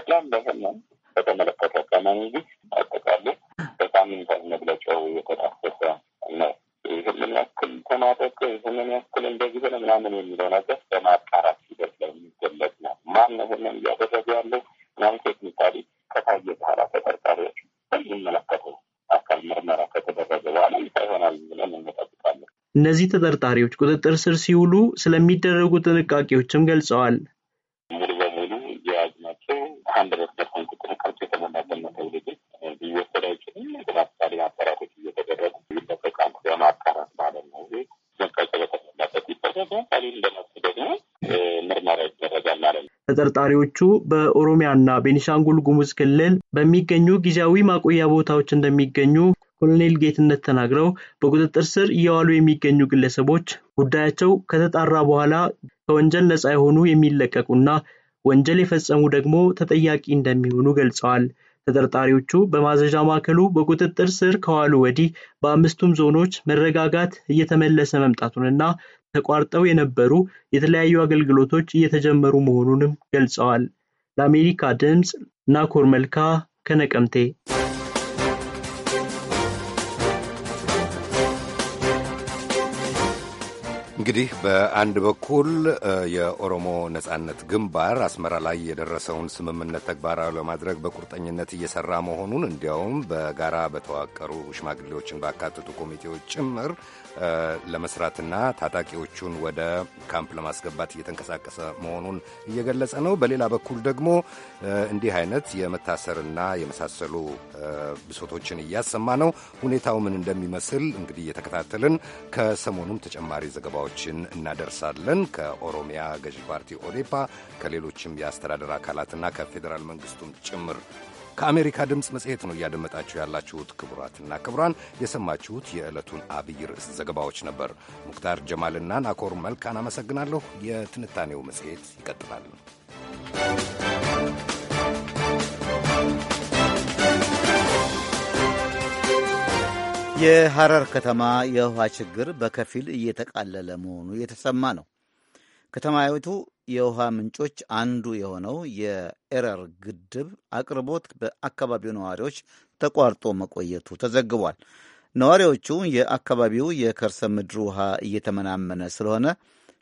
ጠቅላም በተመለከተ ከመንግስት አጠቃላይ በሳምንት መግለጫው የተዳፈሰ ነው። ይህንን ያክል ተማረቀ፣ ይህንን ያክል እንደዚህ ሆነ ምናምን የሚለው ነገር በማጣራት ሂደት ላይ የሚገለጽ ነው። ማን ነው ይህንን እያደረገ ያለው ምናምን ቴክኒካሊ ከታየ በኋላ ተጠርጣሪዎች የሚመለከተው አካል ምርመራ ከተደረገ በኋላ ይሆናል ብለን እንጠብቃለን። እነዚህ ተጠርጣሪዎች ቁጥጥር ስር ሲውሉ ስለሚደረጉ ጥንቃቄዎችም ገልጸዋል። ሙሉ በሙሉ የያዝናቸው ሀንድረድ ቀሊል ካልሆነ ደግሞ ምርመራ ይደረጋል ማለት ነው። ተጠርጣሪዎቹ በኦሮሚያና ቤኒሻንጉል ጉሙዝ ክልል በሚገኙ ጊዜያዊ ማቆያ ቦታዎች እንደሚገኙ ኮሎኔል ጌትነት ተናግረው በቁጥጥር ስር እየዋሉ የሚገኙ ግለሰቦች ጉዳያቸው ከተጣራ በኋላ ከወንጀል ነጻ የሆኑ የሚለቀቁና ወንጀል የፈጸሙ ደግሞ ተጠያቂ እንደሚሆኑ ገልጸዋል። ተጠርጣሪዎቹ በማዘዣ ማዕከሉ በቁጥጥር ስር ከዋሉ ወዲህ በአምስቱም ዞኖች መረጋጋት እየተመለሰ መምጣቱንና ተቋርጠው የነበሩ የተለያዩ አገልግሎቶች እየተጀመሩ መሆኑንም ገልጸዋል። ለአሜሪካ ድምፅ ናኮር መልካ ከነቀምቴ እንግዲህ በአንድ በኩል የኦሮሞ ነጻነት ግንባር አስመራ ላይ የደረሰውን ስምምነት ተግባራዊ ለማድረግ በቁርጠኝነት እየሰራ መሆኑን እንዲያውም በጋራ በተዋቀሩ ሽማግሌዎችን ባካተቱ ኮሚቴዎች ጭምር ለመስራትና ታጣቂዎቹን ወደ ካምፕ ለማስገባት እየተንቀሳቀሰ መሆኑን እየገለጸ ነው። በሌላ በኩል ደግሞ እንዲህ አይነት የመታሰርና የመሳሰሉ ብሶቶችን እያሰማ ነው። ሁኔታው ምን እንደሚመስል እንግዲህ እየተከታተልን ከሰሞኑም ተጨማሪ ዘገባዎችን እናደርሳለን። ከኦሮሚያ ገዢ ፓርቲ ኦዴፓ፣ ከሌሎችም የአስተዳደር አካላትና ከፌዴራል መንግስቱም ጭምር ከአሜሪካ ድምፅ መጽሔት ነው እያደመጣችሁ ያላችሁት። ክቡራትና ክቡራን የሰማችሁት የዕለቱን አብይ ርዕስ ዘገባዎች ነበር። ሙክታር ጀማልና ናኮር መልካን አመሰግናለሁ። የትንታኔው መጽሔት ይቀጥላል። የሐረር ከተማ የውሃ ችግር በከፊል እየተቃለለ መሆኑ የተሰማ ነው። ከተማይቱ የውሃ ምንጮች አንዱ የሆነው የኤረር ግድብ አቅርቦት በአካባቢው ነዋሪዎች ተቋርጦ መቆየቱ ተዘግቧል። ነዋሪዎቹ የአካባቢው የከርሰ ምድር ውሃ እየተመናመነ ስለሆነ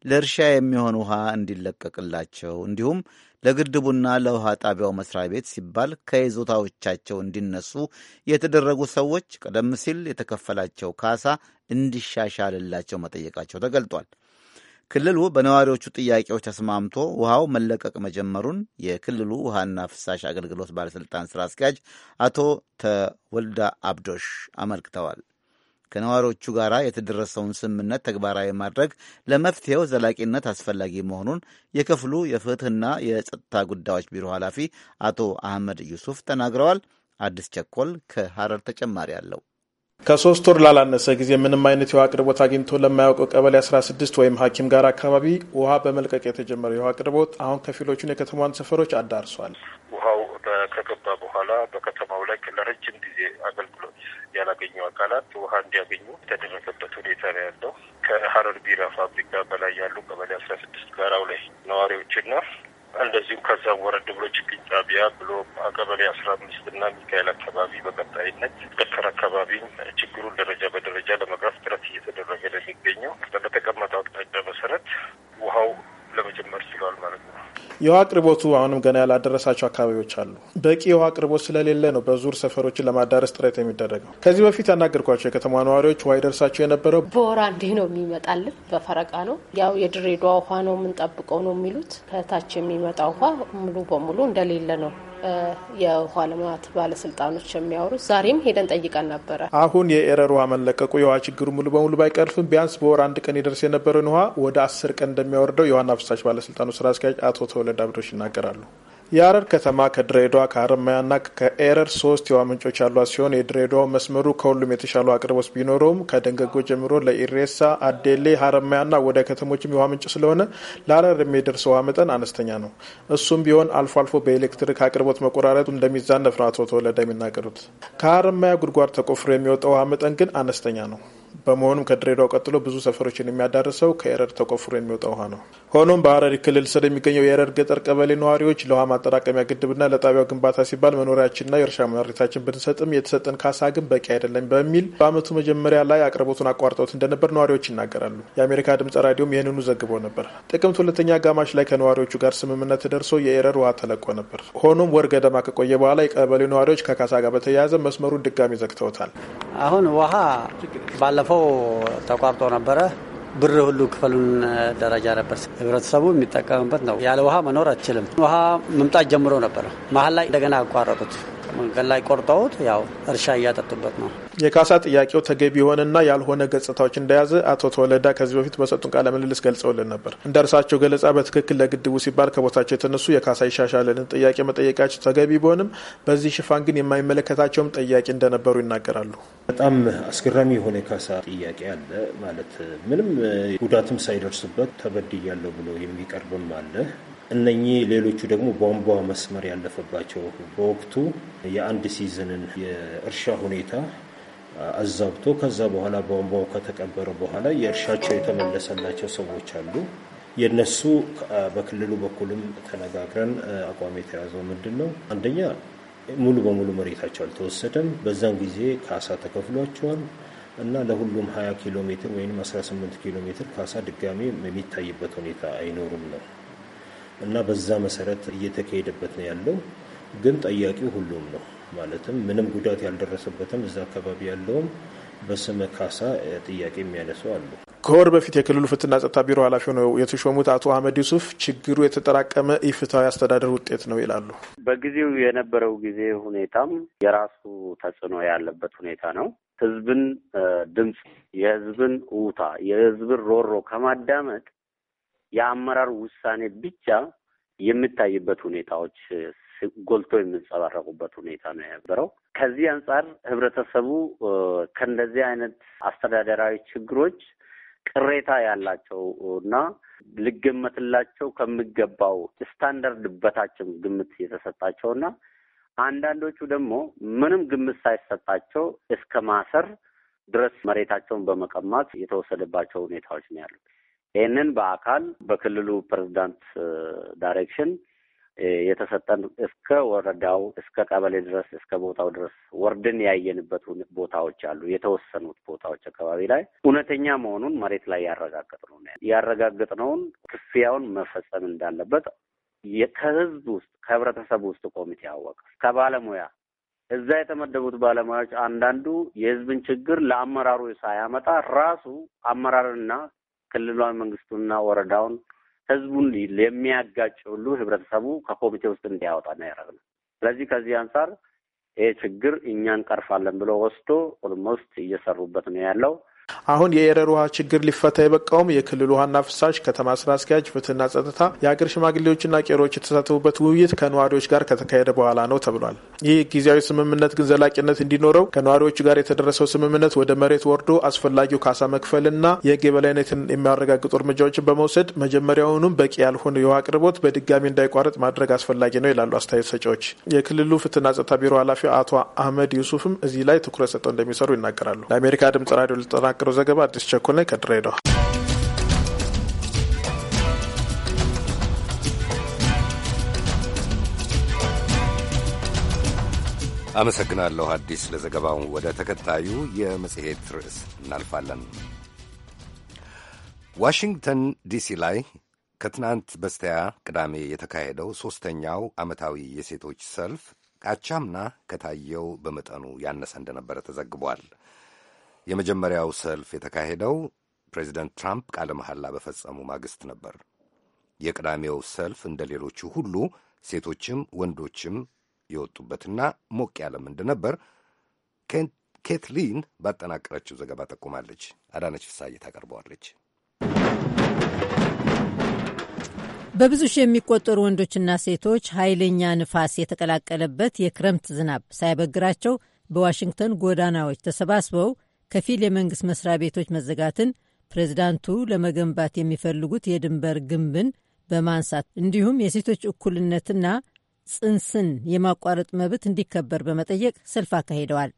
ለእርሻ የሚሆን ውሃ እንዲለቀቅላቸው እንዲሁም ለግድቡና ለውሃ ጣቢያው መስሪያ ቤት ሲባል ከይዞታዎቻቸው እንዲነሱ የተደረጉ ሰዎች ቀደም ሲል የተከፈላቸው ካሳ እንዲሻሻልላቸው መጠየቃቸው ተገልጧል። ክልሉ በነዋሪዎቹ ጥያቄዎች ተስማምቶ ውሃው መለቀቅ መጀመሩን የክልሉ ውሃና ፍሳሽ አገልግሎት ባለሥልጣን ሥራ አስኪያጅ አቶ ተወልዳ አብዶሽ አመልክተዋል። ከነዋሪዎቹ ጋር የተደረሰውን ስምምነት ተግባራዊ ማድረግ ለመፍትሄው ዘላቂነት አስፈላጊ መሆኑን የክፍሉ የፍትህና የጸጥታ ጉዳዮች ቢሮ ኃላፊ አቶ አህመድ ዩሱፍ ተናግረዋል። አዲስ ቸኮል ከሐረር ተጨማሪ አለው። ከሶስት ወር ላላነሰ ጊዜ ምንም አይነት የውሃ አቅርቦት አግኝቶ ለማያውቀው ቀበሌ 16 ወይም ሐኪም ጋር አካባቢ ውሃ በመልቀቅ የተጀመረ የውሃ አቅርቦት አሁን ከፊሎቹን የከተማዋን ሰፈሮች አዳርሷል። ውሃው ከገባ በኋላ በከተማው ላይ ለረጅም ጊዜ አገልግሎት ያላገኙ አካላት ውሃ እንዲያገኙ የተደረገበት ሁኔታ ነው ያለው። ከሀረር ቢራ ፋብሪካ በላይ ያሉ ቀበሌ 16 ጋራው ላይ ነዋሪዎችና እንደዚሁም ከዛም ወረድ ብሎ ችግኝ ጣቢያ ብሎ ቀበሌ አስራ አምስት እና ሚካኤል አካባቢ በቀጣይነት ገከር አካባቢም ችግሩን ደረጃ በደረጃ ለመቅረፍ ጥረት እየተደረገ ለሚገኘው በተቀመጠ አቅጣጫ መሰረት ውሃው ለመጀመር ችሏል ማለት ነው። የውሃ አቅርቦቱ አሁንም ገና ያላደረሳቸው አካባቢዎች አሉ። በቂ የውሃ አቅርቦት ስለሌለ ነው በዙር ሰፈሮችን ለማዳረስ ጥረት የሚደረገው። ከዚህ በፊት ያናገርኳቸው የከተማ ነዋሪዎች ውሃ ይደርሳቸው የነበረው በወራ እንዲህ ነው የሚመጣልን፣ በፈረቃ ነው። ያው የድሬዳዋ ውሃ ነው የምንጠብቀው ነው የሚሉት። ከታች የሚመጣ ውሃ ሙሉ በሙሉ እንደሌለ ነው የውሃ ልማት ባለስልጣኖች የሚያወሩት። ዛሬም ሄደን ጠይቀን ነበረ። አሁን የኤረር ውሃ መለቀቁ የውሃ ችግሩ ሙሉ በሙሉ ባይቀርፍም ቢያንስ በወር አንድ ቀን ይደርስ የነበረውን ውሃ ወደ አስር ቀን እንደሚያወርደው የውሃና ፍሳሽ ባለስልጣኑ ስራ አስኪያጅ አቶ ተወለድ አብዶሽ ይናገራሉ። የአረር ከተማ ከድሬዳዋ ከሀረማያና ከኤረር ሶስት የውሃ ምንጮች ያሏት ሲሆን የድሬዳዋ መስመሩ ከሁሉም የተሻሉ አቅርቦት ቢኖረውም ከደንገጎ ጀምሮ ለኢሬሳ፣ አዴሌ፣ ሀረማያና ወደ ከተሞችም የውሃ ምንጭ ስለሆነ ለአረር የሚደርስ ውሃ መጠን አነስተኛ ነው። እሱም ቢሆን አልፎ አልፎ በኤሌክትሪክ አቅርቦት መቆራረጡ እንደሚዛነፍ ነው አቶ ተወለደ የሚናገሩት። ከአረማያ ጉድጓድ ተቆፍሮ የሚወጣው ውሃ መጠን ግን አነስተኛ ነው። በመሆኑም ከድሬዳዋ ቀጥሎ ብዙ ሰፈሮችን የሚያዳርሰው ከኤረር ተቆፍሮ የሚወጣ ውሃ ነው። ሆኖም በሀረሪ ክልል ስር የሚገኘው የኤረር ገጠር ቀበሌ ነዋሪዎች ለውሃ ማጠራቀሚያ ግድብና ለጣቢያው ግንባታ ሲባል መኖሪያችንና የእርሻ መሬታችን ብንሰጥም የተሰጠን ካሳ ግን በቂ አይደለም በሚል በዓመቱ መጀመሪያ ላይ አቅርቦቱን አቋርጠውት እንደነበር ነዋሪዎች ይናገራሉ። የአሜሪካ ድምጽ ራዲዮም ይህንኑ ዘግቦ ነበር። ጥቅምት ሁለተኛ አጋማሽ ላይ ከነዋሪዎቹ ጋር ስምምነት ደርሶ የኤረር ውሃ ተለቆ ነበር። ሆኖም ወር ገደማ ከቆየ በኋላ የቀበሌው ነዋሪዎች ከካሳ ጋር በተያያዘ መስመሩን ድጋሚ ዘግተውታል። አሁን ውሃ ባለፈው ተቋርጦ ነበረ። ብር ሁሉ ክፈሉን ደረጃ ነበር። ህብረተሰቡ የሚጠቀምበት ነው። ያለ ውሃ መኖር አችልም። ውሃ መምጣት ጀምሮ ነበረ፣ መሀል ላይ እንደገና አቋረጡት። መንገድ ላይ ቆርጠውት ያው እርሻ እያጠጡበት ነው። የካሳ ጥያቄው ተገቢ የሆነና ያልሆነ ገጽታዎች እንደያዘ አቶ ተወለዳ ከዚህ በፊት በሰጡን ቃለ ምልልስ ገልጸውልን ነበር። እንደ እርሳቸው ገለጻ በትክክል ለግድቡ ሲባል ከቦታቸው የተነሱ የካሳ ይሻሻልን ጥያቄ መጠየቃቸው ተገቢ ቢሆንም በዚህ ሽፋን ግን የማይመለከታቸውም ጥያቄ እንደነበሩ ይናገራሉ። በጣም አስገራሚ የሆነ የካሳ ጥያቄ አለ። ማለት ምንም ጉዳትም ሳይደርስበት ተበድያለሁ ብሎ የሚቀርብም አለ እነኚህ ሌሎቹ ደግሞ ቧንቧ መስመር ያለፈባቸው በወቅቱ የአንድ ሲዝንን የእርሻ ሁኔታ አዛብቶ ከዛ በኋላ ቧንቧው ከተቀበረ በኋላ የእርሻቸው የተመለሰላቸው ሰዎች አሉ። የነሱ በክልሉ በኩልም ተነጋግረን አቋም የተያዘው ምንድን ነው? አንደኛ ሙሉ በሙሉ መሬታቸው አልተወሰደም። በዛን ጊዜ ካሳ ተከፍሏቸዋል እና ለሁሉም 20 ኪሎ ሜትር ወይም 18 ኪሎ ሜትር ካሳ ድጋሚ የሚታይበት ሁኔታ አይኖርም ነው እና በዛ መሰረት እየተካሄደበት ነው ያለው። ግን ጠያቂው ሁሉም ነው ማለትም ምንም ጉዳት ያልደረሰበትም እዛ አካባቢ ያለውም በስመ ካሳ ጥያቄ የሚያነሰው አሉ። ከወር በፊት የክልሉ ፍትህና ጸጥታ ቢሮ ኃላፊ ሆነው የተሾሙት አቶ አህመድ ዩሱፍ ችግሩ የተጠራቀመ ኢፍትሐዊ አስተዳደር ውጤት ነው ይላሉ። በጊዜው የነበረው ጊዜ ሁኔታም የራሱ ተጽዕኖ ያለበት ሁኔታ ነው። ህዝብን ድምፅ፣ የህዝብን ውታ፣ የህዝብን ሮሮ ከማዳመጥ የአመራር ውሳኔ ብቻ የሚታይበት ሁኔታዎች ጎልቶ የሚንጸባረቁበት ሁኔታ ነው የነበረው። ከዚህ አንጻር ህብረተሰቡ ከእንደዚህ አይነት አስተዳደራዊ ችግሮች ቅሬታ ያላቸው እና ልገመትላቸው ከሚገባው ስታንዳርድ በታችም ግምት የተሰጣቸው እና አንዳንዶቹ ደግሞ ምንም ግምት ሳይሰጣቸው እስከ ማሰር ድረስ መሬታቸውን በመቀማት የተወሰደባቸው ሁኔታዎች ነው ያሉት። ይህንን በአካል በክልሉ ፕሬዚዳንት ዳይሬክሽን የተሰጠን እስከ ወረዳው እስከ ቀበሌ ድረስ እስከ ቦታው ድረስ ወርድን ያየንበት ቦታዎች አሉ። የተወሰኑት ቦታዎች አካባቢ ላይ እውነተኛ መሆኑን መሬት ላይ ያረጋገጥነው ያረጋገጥነውን ክፍያውን መፈጸም እንዳለበት ከህዝብ ውስጥ ከህብረተሰብ ውስጥ ኮሚቴ አወቀ። ከባለሙያ እዛ የተመደቡት ባለሙያዎች አንዳንዱ የህዝብን ችግር ለአመራሩ ሳያመጣ ራሱ አመራርና ክልሏን መንግስቱና ወረዳውን ህዝቡን የሚያጋጭ ሁሉ ህብረተሰቡ ከኮሚቴ ውስጥ እንዲያወጣ ነው ያደረግነው። ስለዚህ ከዚህ አንጻር ይሄ ችግር እኛ እንቀርፋለን ብሎ ወስዶ ኦልሞስት እየሰሩበት ነው ያለው። አሁን የኤረር ውሃ ችግር ሊፈታ የበቃውም የክልል ውሃና ፍሳሽ ከተማ ስራ አስኪያጅ፣ ፍትህና ጸጥታ፣ የአገር ሽማግሌዎችና ቄሮዎች የተሳተፉበት ውይይት ከነዋሪዎች ጋር ከተካሄደ በኋላ ነው ተብሏል። ይህ ጊዜያዊ ስምምነት ግን ዘላቂነት እንዲኖረው ከነዋሪዎቹ ጋር የተደረሰው ስምምነት ወደ መሬት ወርዶ አስፈላጊው ካሳ መክፈልና የህግ የበላይነትን የሚያረጋግጡ እርምጃዎችን በመውሰድ መጀመሪያውኑም በቂ ያልሆነ የውሃ አቅርቦት በድጋሚ እንዳይቋረጥ ማድረግ አስፈላጊ ነው ይላሉ አስተያየት ሰጪዎች። የክልሉ ፍትህና ጸጥታ ቢሮ ኃላፊ አቶ አህመድ ዩሱፍም እዚህ ላይ ትኩረት ሰጠው እንደሚሰሩ ይናገራሉ። ለአሜሪካ ድምጽ ራዲዮ ለተጠናቀረው ዘገባ አዲስ ቸኮል ላይ ከድሬዳዋ አመሰግናለሁ አዲስ ለዘገባው። ወደ ተከታዩ የመጽሔት ርዕስ እናልፋለን። ዋሽንግተን ዲሲ ላይ ከትናንት በስቲያ ቅዳሜ የተካሄደው ሦስተኛው ዓመታዊ የሴቶች ሰልፍ ካቻምና ከታየው በመጠኑ ያነሰ እንደነበረ ተዘግቧል። የመጀመሪያው ሰልፍ የተካሄደው ፕሬዚደንት ትራምፕ ቃለ መሐላ በፈጸሙ ማግስት ነበር። የቅዳሜው ሰልፍ እንደ ሌሎቹ ሁሉ ሴቶችም ወንዶችም የወጡበትና ሞቅ ያለም እንደነበር ኬትሊን ባጠናቀረችው ዘገባ ጠቁማለች። አዳነች ፍሳዬ ታቀርበዋለች። በብዙ ሺህ የሚቆጠሩ ወንዶችና ሴቶች ኃይለኛ ንፋስ የተቀላቀለበት የክረምት ዝናብ ሳይበግራቸው በዋሽንግተን ጎዳናዎች ተሰባስበው ከፊል የመንግሥት መስሪያ ቤቶች መዘጋትን፣ ፕሬዚዳንቱ ለመገንባት የሚፈልጉት የድንበር ግንብን በማንሳት እንዲሁም የሴቶች እኩልነትና ጽንስን የማቋረጥ መብት እንዲከበር በመጠየቅ ሰልፍ አካሂደዋል።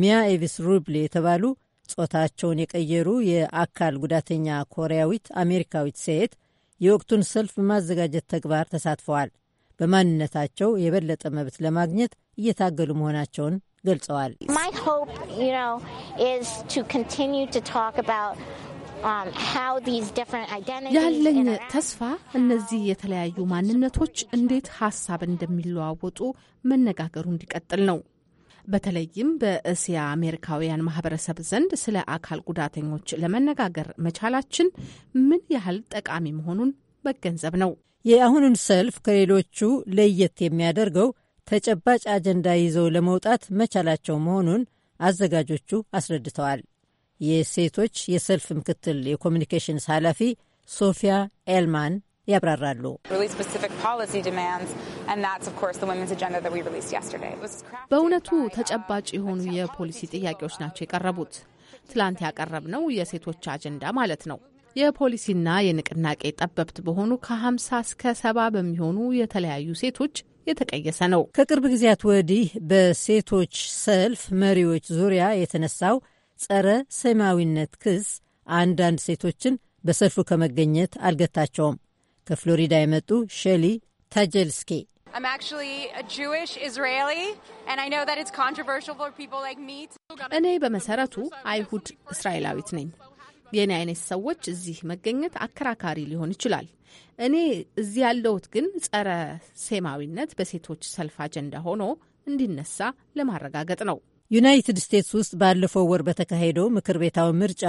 ሚያ ኤቪስ ሩብል የተባሉ ጾታቸውን የቀየሩ የአካል ጉዳተኛ ኮሪያዊት አሜሪካዊት ሴት የወቅቱን ሰልፍ በማዘጋጀት ተግባር ተሳትፈዋል። በማንነታቸው የበለጠ መብት ለማግኘት እየታገሉ መሆናቸውን ገልጸዋል። um, ያለኝ ተስፋ እነዚህ የተለያዩ ማንነቶች እንዴት ሀሳብ እንደሚለዋወጡ መነጋገሩ እንዲቀጥል ነው። በተለይም በእስያ አሜሪካውያን ማህበረሰብ ዘንድ ስለ አካል ጉዳተኞች ለመነጋገር መቻላችን ምን ያህል ጠቃሚ መሆኑን መገንዘብ ነው። የአሁኑን ሰልፍ ከሌሎቹ ለየት የሚያደርገው ተጨባጭ አጀንዳ ይዘው ለመውጣት መቻላቸው መሆኑን አዘጋጆቹ አስረድተዋል። የሴቶች የሰልፍ ምክትል የኮሚኒኬሽንስ ኃላፊ ሶፊያ ኤልማን ያብራራሉ። በእውነቱ ተጨባጭ የሆኑ የፖሊሲ ጥያቄዎች ናቸው የቀረቡት። ትላንት ያቀረብነው የሴቶች አጀንዳ ማለት ነው። የፖሊሲና የንቅናቄ ጠበብት በሆኑ ከ50 እስከ ሰባ በሚሆኑ የተለያዩ ሴቶች የተቀየሰ ነው። ከቅርብ ጊዜያት ወዲህ በሴቶች ሰልፍ መሪዎች ዙሪያ የተነሳው ጸረ ሰማዊነት ክስ አንዳንድ ሴቶችን በሰልፉ ከመገኘት አልገታቸውም። ከፍሎሪዳ የመጡ ሼሊ ታጀልስኪ እኔ በመሰረቱ አይሁድ እስራኤላዊት ነኝ። የእኔ አይነት ሰዎች እዚህ መገኘት አከራካሪ ሊሆን ይችላል። እኔ እዚህ ያለሁት ግን ጸረ ሴማዊነት በሴቶች ሰልፍ አጀንዳ ሆኖ እንዲነሳ ለማረጋገጥ ነው። ዩናይትድ ስቴትስ ውስጥ ባለፈው ወር በተካሄደው ምክር ቤታዊ ምርጫ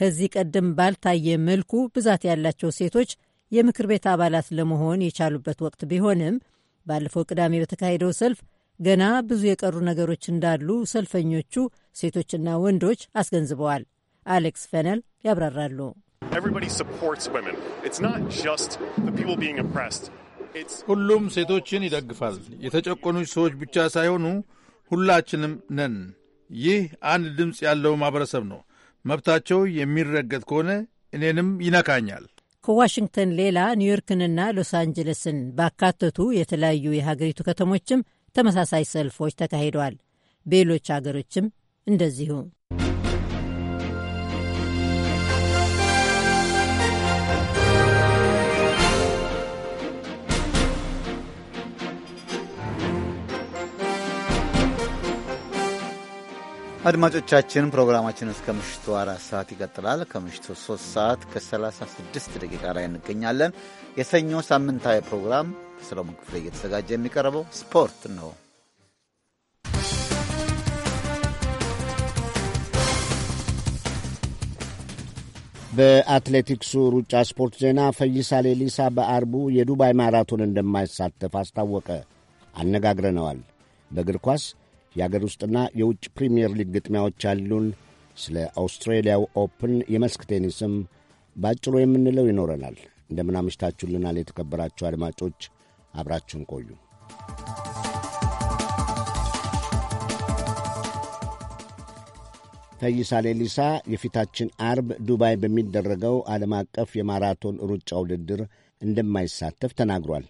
ከዚህ ቀደም ባልታየ መልኩ ብዛት ያላቸው ሴቶች የምክር ቤት አባላት ለመሆን የቻሉበት ወቅት ቢሆንም ባለፈው ቅዳሜ በተካሄደው ሰልፍ ገና ብዙ የቀሩ ነገሮች እንዳሉ ሰልፈኞቹ ሴቶችና ወንዶች አስገንዝበዋል። አሌክስ ፈነል ያብራራሉ። everybody supports women. It's not just the people being ሁሉም ሴቶችን ይደግፋል። የተጨቆኑች ሰዎች ብቻ ሳይሆኑ ሁላችንም ነን። ይህ አንድ ድምፅ ያለው ማኅበረሰብ ነው። መብታቸው የሚረገጥ ከሆነ እኔንም ይነካኛል። ከዋሽንግተን ሌላ ኒውዮርክንና ሎስ አንጀለስን ባካተቱ የተለያዩ የሀገሪቱ ከተሞችም ተመሳሳይ ሰልፎች ተካሂደዋል። በሌሎች አገሮችም እንደዚሁ አድማጮቻችን ፕሮግራማችን እስከ ምሽቱ አራት ሰዓት ይቀጥላል። ከምሽቱ ሶስት ሰዓት ከሰላሳ ስድስት ደቂቃ ላይ እንገኛለን። የሰኞ ሳምንታዊ ፕሮግራም ሰሎሞን ክፍሌ እየተዘጋጀ የሚቀርበው ስፖርት ነው። በአትሌቲክሱ ሩጫ ስፖርት ዜና ፈይሳ ሌሊሳ በአርቡ የዱባይ ማራቶን እንደማይሳተፍ አስታወቀ። አነጋግረነዋል። በእግር ኳስ የአገር ውስጥና የውጭ ፕሪምየር ሊግ ግጥሚያዎች አሉን። ስለ አውስትሬሊያው ኦፕን የመስክ ቴኒስም በአጭሩ የምንለው ይኖረናል። እንደምናመሽታችሁልናል የተከበራችሁ አድማጮች፣ አብራችሁን ቆዩ። ፈይሳ ሌሊሳ የፊታችን አርብ ዱባይ በሚደረገው ዓለም አቀፍ የማራቶን ሩጫ ውድድር እንደማይሳተፍ ተናግሯል።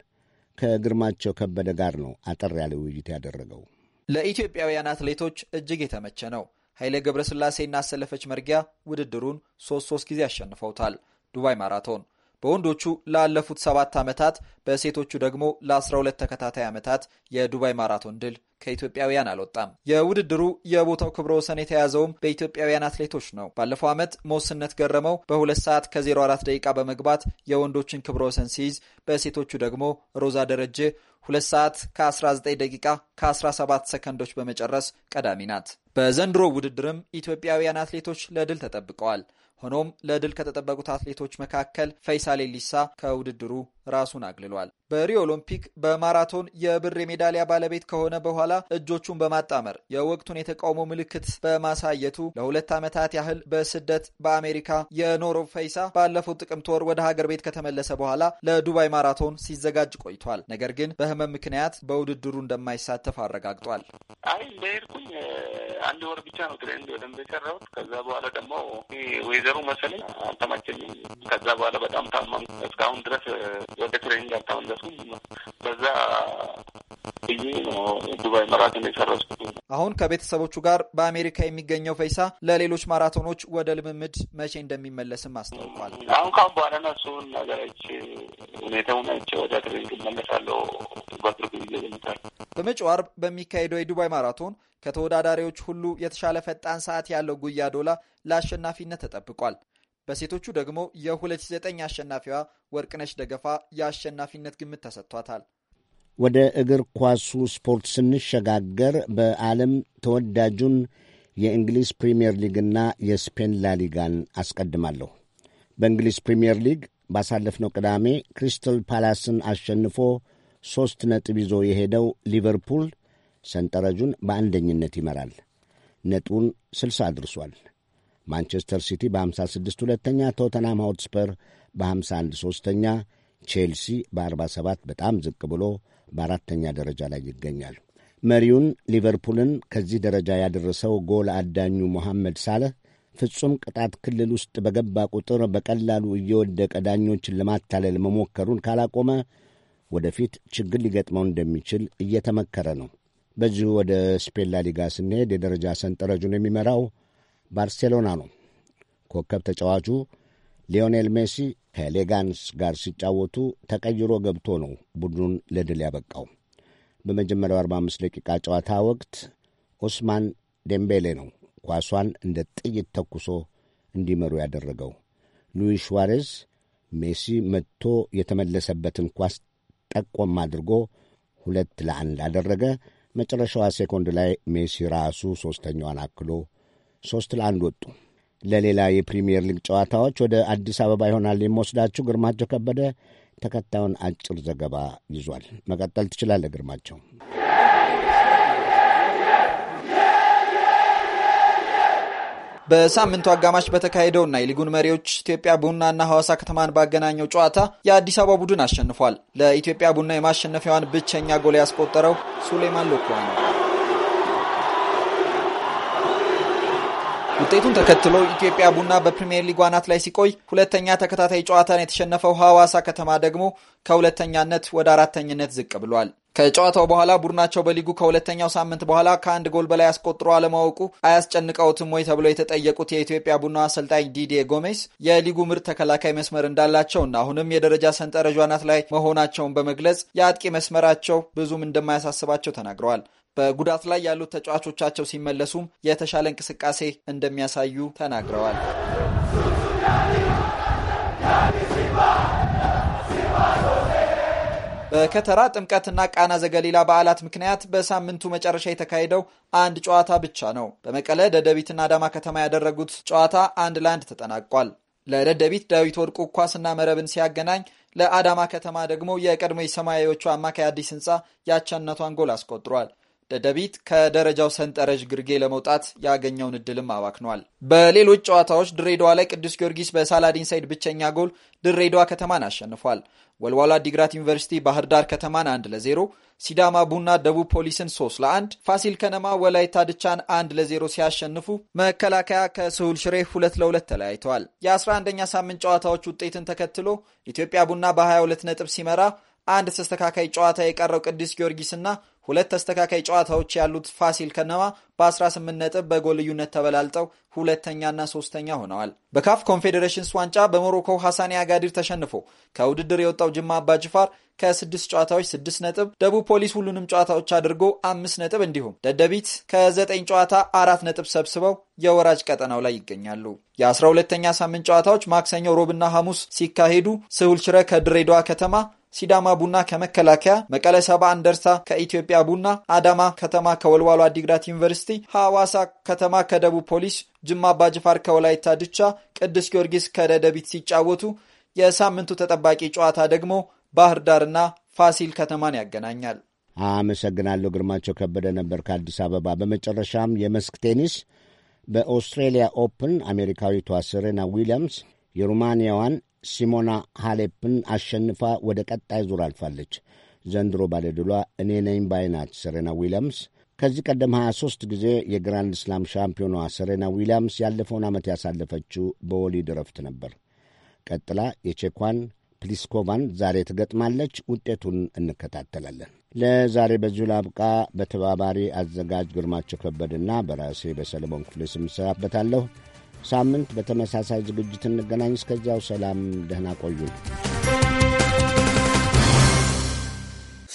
ከግርማቸው ከበደ ጋር ነው አጠር ያለ ውይይት ያደረገው። ለኢትዮጵያውያን አትሌቶች እጅግ የተመቸ ነው። ኃይሌ ገብረስላሴና አሰለፈች መርጊያ ውድድሩን ሶስት ሶስት ጊዜ አሸንፈውታል። ዱባይ ማራቶን በወንዶቹ ላለፉት ሰባት ዓመታት በሴቶቹ ደግሞ ለ12 ተከታታይ ዓመታት የዱባይ ማራቶን ድል ከኢትዮጵያውያን አልወጣም። የውድድሩ የቦታው ክብረ ወሰን የተያዘውም በኢትዮጵያውያን አትሌቶች ነው። ባለፈው ዓመት ሞስነት ገረመው በሁለት ሰዓት ከ04 ደቂቃ በመግባት የወንዶችን ክብረ ወሰን ሲይዝ፣ በሴቶቹ ደግሞ ሮዛ ደረጀ 2 ሰዓት ከ19 ደቂቃ ከ17 ሰከንዶች በመጨረስ ቀዳሚ ናት። በዘንድሮ ውድድርም ኢትዮጵያውያን አትሌቶች ለድል ተጠብቀዋል። ሆኖም ለድል ከተጠበቁት አትሌቶች መካከል ፈይሳ ሌሊሳ ከውድድሩ ራሱን አግልሏል። በሪዮ ኦሎምፒክ በማራቶን የብር የሜዳሊያ ባለቤት ከሆነ በኋላ እጆቹን በማጣመር የወቅቱን የተቃውሞ ምልክት በማሳየቱ ለሁለት ዓመታት ያህል በስደት በአሜሪካ የኖሮ ፈይሳ ባለፉት ጥቅምት ወር ወደ ሀገር ቤት ከተመለሰ በኋላ ለዱባይ ማራቶን ሲዘጋጅ ቆይቷል። ነገር ግን በህመም ምክንያት በውድድሩ እንደማይሳተፍ አረጋግጧል። አይ እንደሄድኩኝ አንድ ወር ብቻ ነው ትሬንድ ወደምብ ከዛ በኋላ ደግሞ ነገሩ መሰለኝ አልተመቸኝም። ከዛ በኋላ በጣም ታመም። እስካሁን ድረስ ወደ ትሬኒንግ አልተመለስኩም። በዛ ዱባይ አሁን ከቤተሰቦቹ ጋር በአሜሪካ የሚገኘው ፈይሳ ለሌሎች ማራቶኖች ወደ ልምምድ መቼ እንደሚመለስም አስታውቋል። አሁን ካሁን በኋላ ነው ነገሮች ሁኔታውን አይቼ ወደ ትሬኒንግ እመለሳለሁ። በቅርብ ጊዜ ገኝታል። በመጪው አርብ በሚካሄደው የዱባይ ማራቶን ከተወዳዳሪዎች ሁሉ የተሻለ ፈጣን ሰዓት ያለው ጉያ ዶላ ለአሸናፊነት ተጠብቋል። በሴቶቹ ደግሞ የ2009 አሸናፊዋ ወርቅነሽ ደገፋ የአሸናፊነት ግምት ተሰጥቷታል። ወደ እግር ኳሱ ስፖርት ስንሸጋገር በዓለም ተወዳጁን የእንግሊዝ ፕሪምየር ሊግና የስፔን ላሊጋን አስቀድማለሁ። በእንግሊዝ ፕሪምየር ሊግ ባሳለፍነው ቅዳሜ ክሪስታል ፓላስን አሸንፎ ሦስት ነጥብ ይዞ የሄደው ሊቨርፑል ሰንጠረዡን በአንደኝነት ይመራል። ነጡን 60 አድርሷል። ማንቸስተር ሲቲ በ56 ሁለተኛ፣ ቶተናም ሆትስፐር በ51 ሦስተኛ፣ ቼልሲ በ47 በጣም ዝቅ ብሎ በአራተኛ ደረጃ ላይ ይገኛል። መሪውን ሊቨርፑልን ከዚህ ደረጃ ያደረሰው ጎል አዳኙ ሞሐመድ ሳለህ ፍጹም ቅጣት ክልል ውስጥ በገባ ቁጥር በቀላሉ እየወደቀ ዳኞችን ለማታለል መሞከሩን ካላቆመ ወደፊት ችግር ሊገጥመው እንደሚችል እየተመከረ ነው። በዚሁ ወደ ስፔን ላሊጋ ስንሄድ የደረጃ ሰንጠረዡን የሚመራው ባርሴሎና ነው። ኮከብ ተጫዋቹ ሊዮኔል ሜሲ ከሌጋንስ ጋር ሲጫወቱ ተቀይሮ ገብቶ ነው ቡድኑን ለድል ያበቃው። በመጀመሪያው 45 ደቂቃ ጨዋታ ወቅት ኦስማን ዴምቤሌ ነው ኳሷን እንደ ጥይት ተኩሶ እንዲመሩ ያደረገው። ሉዊስ ሽዋሬዝ ሜሲ መጥቶ የተመለሰበትን ኳስ ጠቆም አድርጎ ሁለት ለአንድ አደረገ። መጨረሻዋ ሴኮንድ ላይ ሜሲ ራሱ ሦስተኛዋን አክሎ ሦስት ለአንድ ወጡ። ለሌላ የፕሪምየር ሊግ ጨዋታዎች ወደ አዲስ አበባ ይሆናል የሚወስዳችሁ። ግርማቸው ከበደ ተከታዩን አጭር ዘገባ ይዟል። መቀጠል ትችላለህ ግርማቸው። በሳምንቱ አጋማሽ በተካሄደውና የሊጉን መሪዎች ኢትዮጵያ ቡናና ሐዋሳ ከተማን ባገናኘው ጨዋታ የአዲስ አበባ ቡድን አሸንፏል። ለኢትዮጵያ ቡና የማሸነፊያዋን ብቸኛ ጎል ያስቆጠረው ሱሌማን ሎኮ ነው። ውጤቱን ተከትሎ ኢትዮጵያ ቡና በፕሪምየር ሊግ አናት ላይ ሲቆይ ሁለተኛ ተከታታይ ጨዋታን የተሸነፈው ሐዋሳ ከተማ ደግሞ ከሁለተኛነት ወደ አራተኝነት ዝቅ ብሏል። ከጨዋታው በኋላ ቡድናቸው በሊጉ ከሁለተኛው ሳምንት በኋላ ከአንድ ጎል በላይ አስቆጥሮ አለማወቁ አያስጨንቀውትም ወይ ተብሎ የተጠየቁት የኢትዮጵያ ቡና አሰልጣኝ ዲዲዬ ጎሜስ የሊጉ ምርጥ ተከላካይ መስመር እንዳላቸውና አሁንም የደረጃ ሰንጠረዥ አናት ላይ መሆናቸውን በመግለጽ የአጥቂ መስመራቸው ብዙም እንደማያሳስባቸው ተናግረዋል። በጉዳት ላይ ያሉት ተጫዋቾቻቸው ሲመለሱም የተሻለ እንቅስቃሴ እንደሚያሳዩ ተናግረዋል። በከተራ ጥምቀትና ቃና ዘገሊላ በዓላት ምክንያት በሳምንቱ መጨረሻ የተካሄደው አንድ ጨዋታ ብቻ ነው። በመቀለ ደደቢትና አዳማ ከተማ ያደረጉት ጨዋታ አንድ ለአንድ ተጠናቋል። ለደደቢት ዳዊት ወርቁ ኳስና መረብን ሲያገናኝ፣ ለአዳማ ከተማ ደግሞ የቀድሞ የሰማያዎቹ አማካይ አዲስ ህንፃ ያቻነቷን ጎል አስቆጥሯል። ደደቢት ከደረጃው ሰንጠረዥ ግርጌ ለመውጣት ያገኘውን እድልም አባክኗል። በሌሎች ጨዋታዎች ድሬዳዋ ላይ ቅዱስ ጊዮርጊስ በሳላዲን ሳይድ ብቸኛ ጎል ድሬዳዋ ከተማን አሸንፏል። ወልዋላ ዲግራት ዩኒቨርሲቲ ባህር ዳር ከተማን አንድ ለዜሮ፣ ሲዳማ ቡና ደቡብ ፖሊስን ሶስት ለአንድ፣ ፋሲል ከነማ ወላይታ ድቻን አንድ ለዜሮ ሲያሸንፉ መከላከያ ከስሁል ሽሬ ሁለት ለሁለት ተለያይተዋል። የ11ኛ ሳምንት ጨዋታዎች ውጤትን ተከትሎ ኢትዮጵያ ቡና በ22 ነጥብ ሲመራ አንድ ተስተካካይ ጨዋታ የቀረው ቅዱስ ጊዮርጊስና ሁለት ተስተካካይ ጨዋታዎች ያሉት ፋሲል ከነማ በ18 ነጥብ በጎል ልዩነት ተበላልጠው ሁለተኛና ሶስተኛ ሆነዋል። በካፍ ኮንፌዴሬሽንስ ዋንጫ በሞሮኮ ሐሳኒ አጋዲር ተሸንፎ ከውድድር የወጣው ጅማ አባጅፋር ከስድስት ጨዋታዎች ስድስት ነጥብ፣ ደቡብ ፖሊስ ሁሉንም ጨዋታዎች አድርጎ አምስት ነጥብ፣ እንዲሁም ደደቢት ከዘጠኝ ጨዋታ አራት ነጥብ ሰብስበው የወራጅ ቀጠናው ላይ ይገኛሉ። የአስራ ሁለተኛ ሳምንት ጨዋታዎች ማክሰኞ፣ ሮብና ሐሙስ ሲካሄዱ ስሁል ሽረ ከድሬዳዋ ከተማ ሲዳማ ቡና ከመከላከያ፣ መቀለ ሰባ እንደርሳ ከኢትዮጵያ ቡና፣ አዳማ ከተማ ከወልዋሎ አዲግራት ዩኒቨርሲቲ፣ ሐዋሳ ከተማ ከደቡብ ፖሊስ፣ ጅማ አባጅፋር ከወላይታ ድቻ፣ ቅዱስ ጊዮርጊስ ከደደቢት ሲጫወቱ የሳምንቱ ተጠባቂ ጨዋታ ደግሞ ባህር ዳርና ፋሲል ከተማን ያገናኛል። አመሰግናለሁ። ግርማቸው ከበደ ነበር ከአዲስ አበባ። በመጨረሻም የመስክ ቴኒስ በኦስትሬሊያ ኦፕን አሜሪካዊቷ ሴሬና ዊሊያምስ የሩማንያዋን ሲሞና ሃሌፕን አሸንፋ ወደ ቀጣይ ዙር አልፋለች። ዘንድሮ ባለድሏ እኔ ነኝ ባይናት ሰሬና ዊሊያምስ ከዚህ ቀደም 23 ጊዜ የግራንድ ስላም ሻምፒዮኗ ሰሬና ዊሊያምስ ያለፈውን ዓመት ያሳለፈችው በወሊድ ረፍት ነበር። ቀጥላ የቼኳን ፕሊስኮቫን ዛሬ ትገጥማለች። ውጤቱን እንከታተላለን። ለዛሬ በዚሁ ላብቃ። በተባባሪ አዘጋጅ ግርማቸው ከበድና በራሴ በሰለሞን ክፍሌ ስም ሰናበታለሁ። ሳምንት በተመሳሳይ ዝግጅት እንገናኝ። እስከዚያው ሰላም፣ ደህና ቆዩ።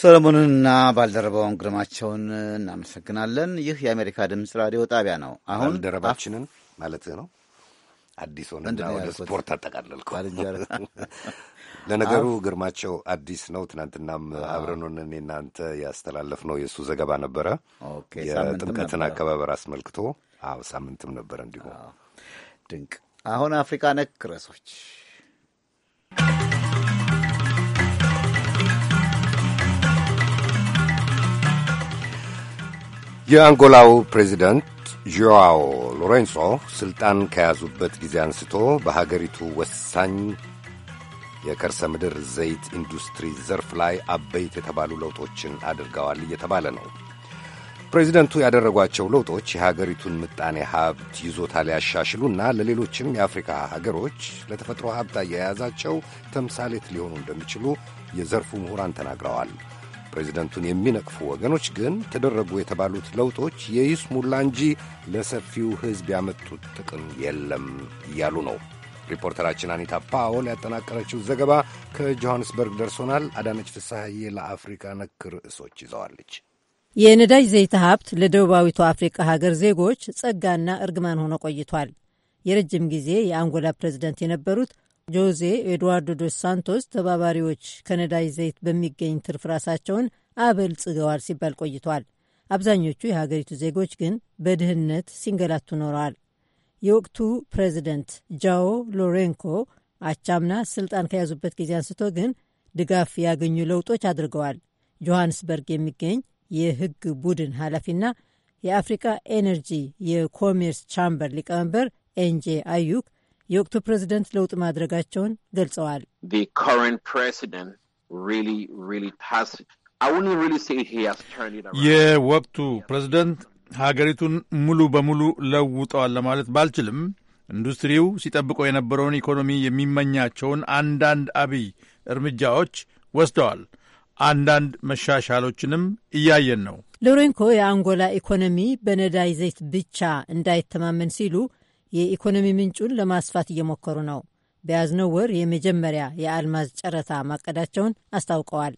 ሰለሞንንና ባልደረባውን ግርማቸውን እናመሰግናለን። ይህ የአሜሪካ ድምፅ ራዲዮ ጣቢያ ነው። አሁን ባልደረባችንን ማለት ነው። አዲስ ሆነና ወደ ስፖርት አጠቃለልኩ። ለነገሩ ግርማቸው አዲስ ነው። ትናንትናም አብረኑን እኔ እናንተ ነው የእሱ ዘገባ ነበረ የጥምቀትን አከባበር አስመልክቶ። አዎ ሳምንትም ነበረ እንዲሁም ድንቅ። አሁን አፍሪካ ነክ ርዕሶች የአንጎላው ፕሬዚደንት ዦአዎ ሎሬንሶ ሥልጣን ከያዙበት ጊዜ አንስቶ በሀገሪቱ ወሳኝ የከርሰ ምድር ዘይት ኢንዱስትሪ ዘርፍ ላይ አበይት የተባሉ ለውጦችን አድርገዋል እየተባለ ነው። ፕሬዚደንቱ ያደረጓቸው ለውጦች የሀገሪቱን ምጣኔ ሀብት ይዞታ ሊያሻሽሉና ለሌሎችም የአፍሪካ ሀገሮች ለተፈጥሮ ሀብት አያያዛቸው ተምሳሌት ሊሆኑ እንደሚችሉ የዘርፉ ምሁራን ተናግረዋል። ፕሬዚደንቱን የሚነቅፉ ወገኖች ግን ተደረጉ የተባሉት ለውጦች የይስሙላ እንጂ ለሰፊው ሕዝብ ያመጡት ጥቅም የለም እያሉ ነው። ሪፖርተራችን አኒታ ፓውል ያጠናቀረችው ዘገባ ከጆሐንስበርግ ደርሶናል። አዳነች ፍሳሐዬ ለአፍሪካ ነክ ርዕሶች ይዘዋለች። የነዳጅ ዘይት ሀብት ለደቡባዊቱ አፍሪቃ ሀገር ዜጎች ጸጋና እርግማን ሆኖ ቆይቷል። የረጅም ጊዜ የአንጎላ ፕሬዚደንት የነበሩት ጆዜ ኤድዋርዶ ዶስ ሳንቶስ ተባባሪዎች ከነዳጅ ዘይት በሚገኝ ትርፍ ራሳቸውን አበልጽገዋል ሲባል ቆይቷል። አብዛኞቹ የሀገሪቱ ዜጎች ግን በድህነት ሲንገላቱ ኖረዋል። የወቅቱ ፕሬዚደንት ጃኦ ሎሬንኮ አቻምና ስልጣን ከያዙበት ጊዜ አንስቶ ግን ድጋፍ ያገኙ ለውጦች አድርገዋል። ጆሃንስበርግ የሚገኝ የህግ ቡድን ኃላፊና የአፍሪካ ኤነርጂ የኮሜርስ ቻምበር ሊቀመንበር ኤንጄ አዩክ የወቅቱ ፕሬዚደንት ለውጥ ማድረጋቸውን ገልጸዋል። የወቅቱ ፕሬዚደንት ሀገሪቱን ሙሉ በሙሉ ለውጠዋል ለማለት ባልችልም ኢንዱስትሪው ሲጠብቀው የነበረውን ኢኮኖሚ የሚመኛቸውን አንዳንድ አብይ እርምጃዎች ወስደዋል። አንዳንድ መሻሻሎችንም እያየን ነው። ሎሬንኮ የአንጎላ ኢኮኖሚ በነዳይ ዘይት ብቻ እንዳይተማመን ሲሉ የኢኮኖሚ ምንጩን ለማስፋት እየሞከሩ ነው። በያዝነው ወር የመጀመሪያ የአልማዝ ጨረታ ማቀዳቸውን አስታውቀዋል።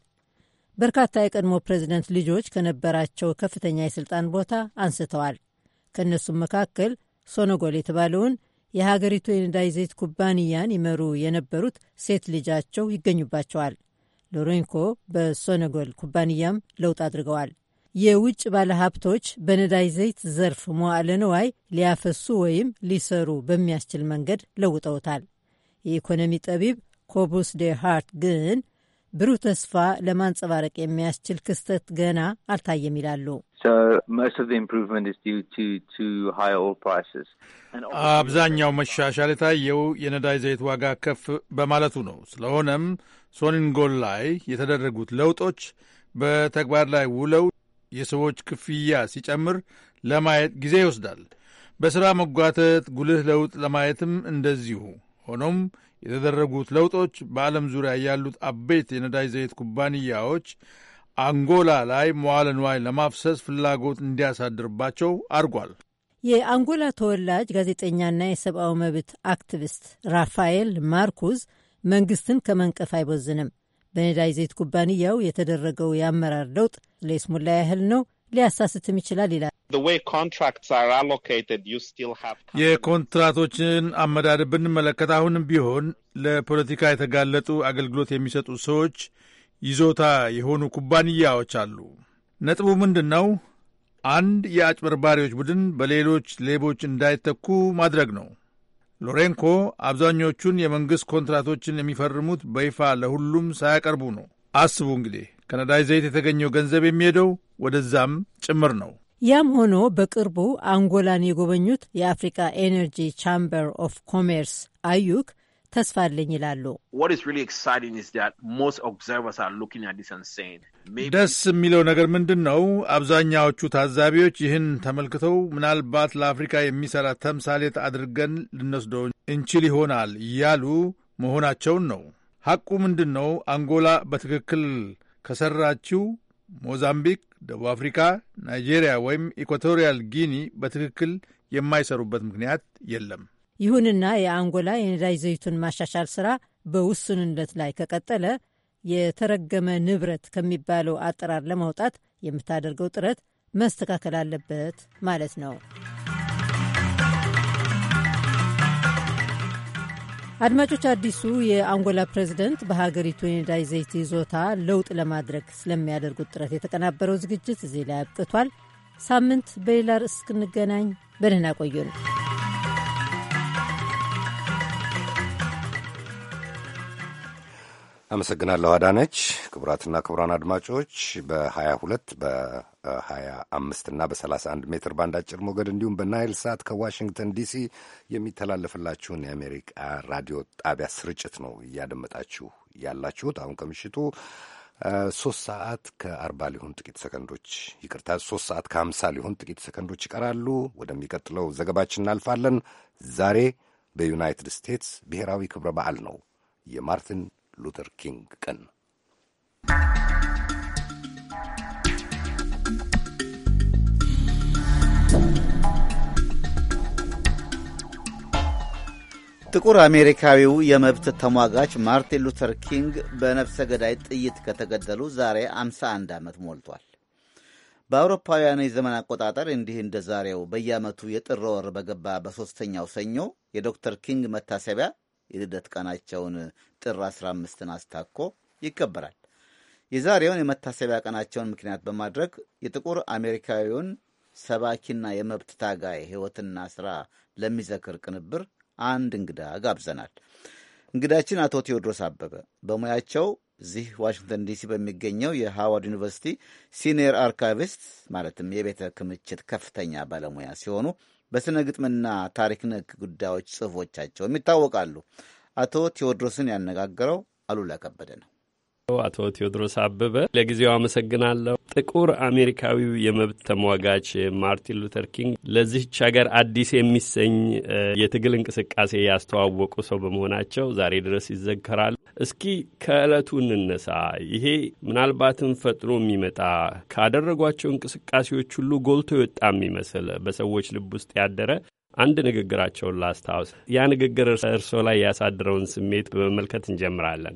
በርካታ የቀድሞ ፕሬዚደንት ልጆች ከነበራቸው ከፍተኛ የሥልጣን ቦታ አንስተዋል። ከእነሱም መካከል ሶኖጎል የተባለውን የሀገሪቱ የነዳጅ ዘይት ኩባንያን ይመሩ የነበሩት ሴት ልጃቸው ይገኙባቸዋል። ሎሬንኮ በሶነጎል ኩባንያም ለውጥ አድርገዋል። የውጭ ባለሀብቶች በነዳጅ ዘይት ዘርፍ መዋዕለ ንዋይ ሊያፈሱ ወይም ሊሰሩ በሚያስችል መንገድ ለውጠውታል። የኢኮኖሚ ጠቢብ ኮቡስ ዴ ሃርት ግን ብሩህ ተስፋ ለማንጸባረቅ የሚያስችል ክስተት ገና አልታየም ይላሉ። አብዛኛው መሻሻል የታየው የነዳጅ ዘይት ዋጋ ከፍ በማለቱ ነው። ስለሆነም ሶኒንጎል ላይ የተደረጉት ለውጦች በተግባር ላይ ውለው የሰዎች ክፍያ ሲጨምር ለማየት ጊዜ ይወስዳል። በሥራ መጓተት ጉልህ ለውጥ ለማየትም እንደዚሁ ሆኖም የተደረጉት ለውጦች በዓለም ዙሪያ ያሉት አበይት የነዳጅ ዘይት ኩባንያዎች አንጎላ ላይ መዋለ ንዋይ ለማፍሰስ ፍላጎት እንዲያሳድርባቸው አድርጓል። የአንጎላ ተወላጅ ጋዜጠኛና የሰብአዊ መብት አክቲቪስት ራፋኤል ማርኩዝ መንግስትን ከመንቀፍ አይቦዝንም። በነዳጅ ዘይት ኩባንያው የተደረገው የአመራር ለውጥ ለይስሙላ ያህል ነው ሊያሳስትም ይችላል ይላል። የኮንትራቶችን አመዳደብ ብንመለከት አሁንም ቢሆን ለፖለቲካ የተጋለጡ አገልግሎት የሚሰጡ ሰዎች ይዞታ የሆኑ ኩባንያዎች አሉ። ነጥቡ ምንድን ነው? አንድ የአጭበርባሪዎች ቡድን በሌሎች ሌቦች እንዳይተኩ ማድረግ ነው። ሎሬንኮ አብዛኞቹን የመንግሥት ኮንትራቶችን የሚፈርሙት በይፋ ለሁሉም ሳያቀርቡ ነው። አስቡ እንግዲህ ከነዳጅ ዘይት የተገኘው ገንዘብ የሚሄደው ወደዛም ጭምር ነው። ያም ሆኖ በቅርቡ አንጎላን የጎበኙት የአፍሪካ ኤነርጂ ቻምበር ኦፍ ኮሜርስ አዩክ ተስፋ አለኝ ይላሉ። ደስ የሚለው ነገር ምንድን ነው? አብዛኛዎቹ ታዛቢዎች ይህን ተመልክተው ምናልባት ለአፍሪካ የሚሰራ ተምሳሌት አድርገን ልንወስደው እንችል ይሆናል እያሉ መሆናቸውን ነው። ሐቁ ምንድን ነው? አንጎላ በትክክል ከሠራችው ሞዛምቢክ፣ ደቡብ አፍሪካ፣ ናይጄሪያ ወይም ኢኳቶሪያል ጊኒ በትክክል የማይሰሩበት ምክንያት የለም። ይሁንና የአንጎላ የነዳጅ ዘይቱን ማሻሻል ስራ በውሱንነት ላይ ከቀጠለ የተረገመ ንብረት ከሚባለው አጠራር ለማውጣት የምታደርገው ጥረት መስተካከል አለበት ማለት ነው። አድማጮች፣ አዲሱ የአንጎላ ፕሬዝደንት በሀገሪቱ የነዳጅ ዘይት ይዞታ ለውጥ ለማድረግ ስለሚያደርጉት ጥረት የተቀናበረው ዝግጅት እዚህ ላይ አብቅቷል። ሳምንት በሌላ ርዕስ እስክንገናኝ በደህና ቆዩን። አመሰግናለሁ አዳነች። ክቡራትና ክቡራን አድማጮች በ22 በ በ25 እና በ31 ሜትር ባንድ አጭር ሞገድ እንዲሁም በናይል ሳት ከዋሽንግተን ዲሲ የሚተላለፍላችሁን የአሜሪካ ራዲዮ ጣቢያ ስርጭት ነው እያደመጣችሁ ያላችሁት። አሁን ከምሽቱ ሶስት ሰዓት ከአርባ ሊሆን ጥቂት ሰከንዶች ይቅርታ፣ ሶስት ሰዓት ከሀምሳ ሊሆን ጥቂት ሰከንዶች ይቀራሉ። ወደሚቀጥለው ዘገባችን እናልፋለን። ዛሬ በዩናይትድ ስቴትስ ብሔራዊ ክብረ በዓል ነው የማርቲን ሉተር ኪንግ ቀን። ጥቁር አሜሪካዊው የመብት ተሟጋች ማርቲን ሉተር ኪንግ በነፍሰ ገዳይ ጥይት ከተገደሉ ዛሬ 51 ዓመት ሞልቷል። በአውሮፓውያን የዘመን አቆጣጠር እንዲህ እንደ ዛሬው በየዓመቱ የጥር ወር በገባ በሦስተኛው ሰኞ የዶክተር ኪንግ መታሰቢያ የልደት ቀናቸውን ጥር 15ን አስታኮ ይከበራል። የዛሬውን የመታሰቢያ ቀናቸውን ምክንያት በማድረግ የጥቁር አሜሪካዊውን ሰባኪና የመብት ታጋይ ሕይወትና ሥራ ለሚዘክር ቅንብር አንድ እንግዳ ጋብዘናል። እንግዳችን አቶ ቴዎድሮስ አበበ በሙያቸው እዚህ ዋሽንግተን ዲሲ በሚገኘው የሃዋርድ ዩኒቨርሲቲ ሲኒየር አርካይቪስት ማለትም የቤተ ክምችት ከፍተኛ ባለሙያ ሲሆኑ በሥነ ግጥምና ታሪክ ነክ ጉዳዮች ጽሑፎቻቸውም ይታወቃሉ። አቶ ቴዎድሮስን ያነጋገረው አሉላ ከበደ ነው። አቶ ቴዎድሮስ አበበ ለጊዜው አመሰግናለሁ። ጥቁር አሜሪካዊው የመብት ተሟጋች ማርቲን ሉተር ኪንግ ለዚህች ሀገር አዲስ የሚሰኝ የትግል እንቅስቃሴ ያስተዋወቁ ሰው በመሆናቸው ዛሬ ድረስ ይዘከራሉ። እስኪ ከዕለቱ እንነሳ። ይሄ ምናልባትም ፈጥኖ የሚመጣ ካደረጓቸው እንቅስቃሴዎች ሁሉ ጎልቶ የወጣ የሚመስል በሰዎች ልብ ውስጥ ያደረ አንድ ንግግራቸውን ላስታውስ። ያ ንግግር እርሶ ላይ ያሳድረውን ስሜት በመመልከት እንጀምራለን።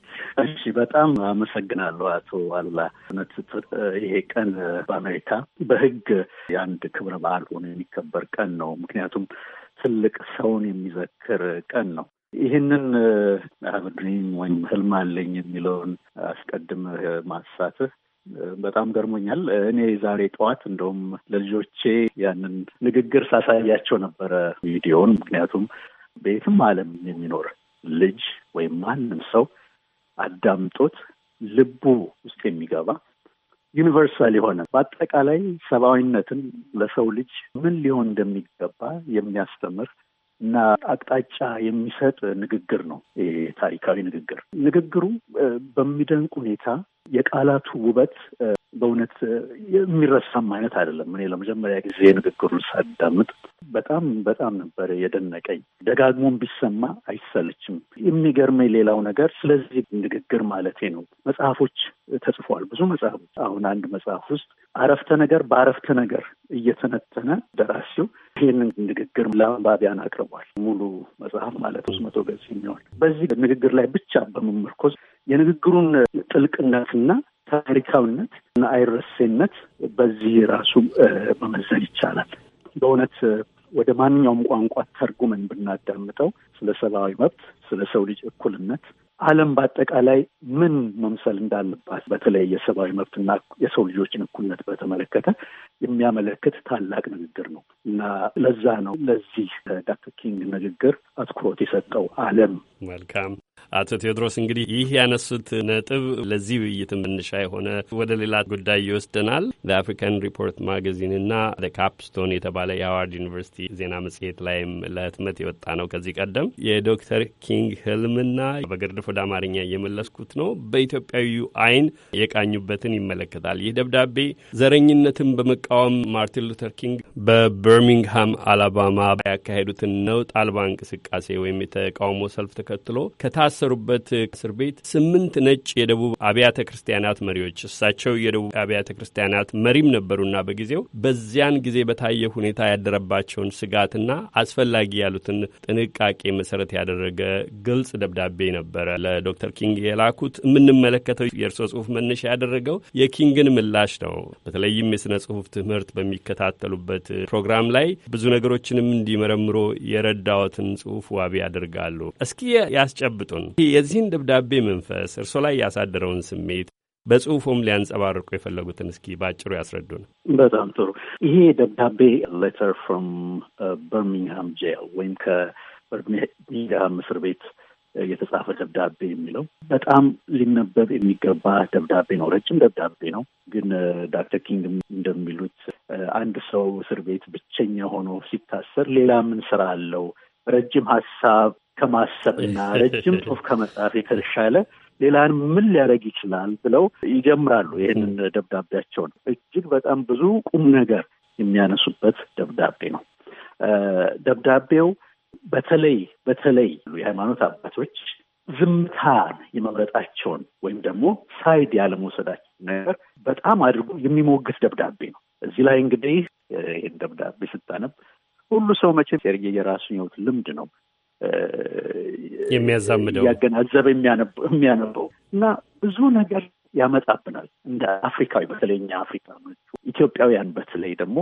እሺ፣ በጣም አመሰግናለሁ አቶ አሉላ። እውነት ይሄ ቀን በአሜሪካ በህግ የአንድ ክብረ በዓል ሆኖ የሚከበር ቀን ነው። ምክንያቱም ትልቅ ሰውን የሚዘክር ቀን ነው። ይህንን አብድሪም ወይም ህልም አለኝ የሚለውን አስቀድም ማሳትህ በጣም ገርሞኛል። እኔ ዛሬ ጠዋት እንደውም ለልጆቼ ያንን ንግግር ሳሳያቸው ነበረ ቪዲዮን ምክንያቱም በየትም ዓለም የሚኖር ልጅ ወይም ማንም ሰው አዳምጦት ልቡ ውስጥ የሚገባ ዩኒቨርሳል የሆነ በአጠቃላይ ሰብአዊነትን ለሰው ልጅ ምን ሊሆን እንደሚገባ የሚያስተምር እና አቅጣጫ የሚሰጥ ንግግር ነው። ታሪካዊ ንግግር። ንግግሩ በሚደንቅ ሁኔታ የቃላቱ ውበት በእውነት የሚረሳም አይነት አይደለም። እኔ ለመጀመሪያ ጊዜ ንግግሩን ሳዳምጥ በጣም በጣም ነበር የደነቀኝ። ደጋግሞን ቢሰማ አይሰለችም። የሚገርመኝ ሌላው ነገር ስለዚህ ንግግር ማለቴ ነው መጽሐፎች ተጽፏል። ብዙ መጽሐፎች አሁን አንድ መጽሐፍ ውስጥ አረፍተ ነገር በአረፍተ ነገር እየተነተነ ደራሲው ይህንን ንግግር ለአንባቢያን አቅርቧል። ሙሉ መጽሐፍ ማለት ሶስት መቶ ገጽ የሚሆን በዚህ ንግግር ላይ ብቻ በመመርኮዝ የንግግሩን ጥልቅነትና ታሪካዊነት እና አይረሴነት በዚህ ራሱ መመዘን ይቻላል። በእውነት ወደ ማንኛውም ቋንቋ ተርጉመን ብናዳምጠው ስለ ሰብአዊ መብት፣ ስለ ሰው ልጅ እኩልነት ዓለም በአጠቃላይ ምን መምሰል እንዳለባት በተለይ የሰብአዊ መብትና የሰው ልጆችን እኩልነት በተመለከተ የሚያመለክት ታላቅ ንግግር ነው እና ለዛ ነው ለዚህ ዳክተር ኪንግ ንግግር አትኩሮት የሰጠው ዓለም። መልካም አቶ ቴዎድሮስ እንግዲህ ይህ ያነሱት ነጥብ ለዚህ ውይይት መነሻ የሆነ ወደ ሌላ ጉዳይ ይወስደናል። ለአፍሪካን ሪፖርት ማጋዚንና ለካፕስቶን የተባለ የሃዋርድ ዩኒቨርሲቲ ዜና መጽሔት ላይም ለህትመት የወጣ ነው። ከዚህ ቀደም የዶክተር ኪንግ ህልምና በግርድፍ ወደ አማርኛ እየመለስኩት ነው በኢትዮጵያዊ አይን የቃኙበትን ይመለከታል። ይህ ደብዳቤ ዘረኝነትን በመቃወም ማርቲን ሉተር ኪንግ በበርሚንግሃም አላባማ ያካሄዱትን ነውጥ አልባ እንቅስቃሴ ወይም የተቃውሞ ሰልፍ ተከትሎ ከታ ከታሰሩበት እስር ቤት ስምንት ነጭ የደቡብ አብያተ ክርስቲያናት መሪዎች እሳቸው የደቡብ አብያተ ክርስቲያናት መሪም ነበሩና በጊዜው በዚያን ጊዜ በታየ ሁኔታ ያደረባቸውን ስጋትና አስፈላጊ ያሉትን ጥንቃቄ መሰረት ያደረገ ግልጽ ደብዳቤ ነበረ ለዶክተር ኪንግ የላኩት። የምንመለከተው የእርሶ ጽሁፍ መነሻ ያደረገው የኪንግን ምላሽ ነው። በተለይም የሥነ ጽሁፍ ትምህርት በሚከታተሉበት ፕሮግራም ላይ ብዙ ነገሮችንም እንዲመረምሮ የረዳዎትን ጽሁፍ ዋቢ ያደርጋሉ። እስኪ ያስጨብጡ አለሁኝ። የዚህን ደብዳቤ መንፈስ እርሶ ላይ ያሳደረውን ስሜት በጽሁፉም ሊያንጸባርቁ የፈለጉትን እስኪ በአጭሩ ያስረዱን። በጣም ጥሩ። ይሄ ደብዳቤ ሌተር ፍሮም በርሚንግሃም ጄል ወይም ከበርሚንግሃም እስር ቤት የተጻፈ ደብዳቤ የሚለው በጣም ሊነበብ የሚገባ ደብዳቤ ነው። ረጅም ደብዳቤ ነው። ግን ዶክተር ኪንግ እንደሚሉት አንድ ሰው እስር ቤት ብቸኛ ሆኖ ሲታሰር ሌላ ምን ስራ አለው? ረጅም ሀሳብ ከማሰብና ረጅም ጽሁፍ ከመጻፍ የተሻለ ሌላን ምን ሊያደረግ ይችላል ብለው ይጀምራሉ። ይህንን ደብዳቤያቸውን እጅግ በጣም ብዙ ቁም ነገር የሚያነሱበት ደብዳቤ ነው። ደብዳቤው በተለይ በተለይ የሃይማኖት አባቶች ዝምታን የመምረጣቸውን ወይም ደግሞ ሳይድ ያለመውሰዳቸውን ነገር በጣም አድርጎ የሚሞግት ደብዳቤ ነው። እዚህ ላይ እንግዲህ ይህን ደብዳቤ ስታነብ ሁሉ ሰው መቼም የራሱን የውት ልምድ ነው የሚያዛምደው ያገናዘበ የሚያነበው እና ብዙ ነገር ያመጣብናል። እንደ አፍሪካዊ በተለይ አፍሪካ ኢትዮጵያውያን በተለይ ደግሞ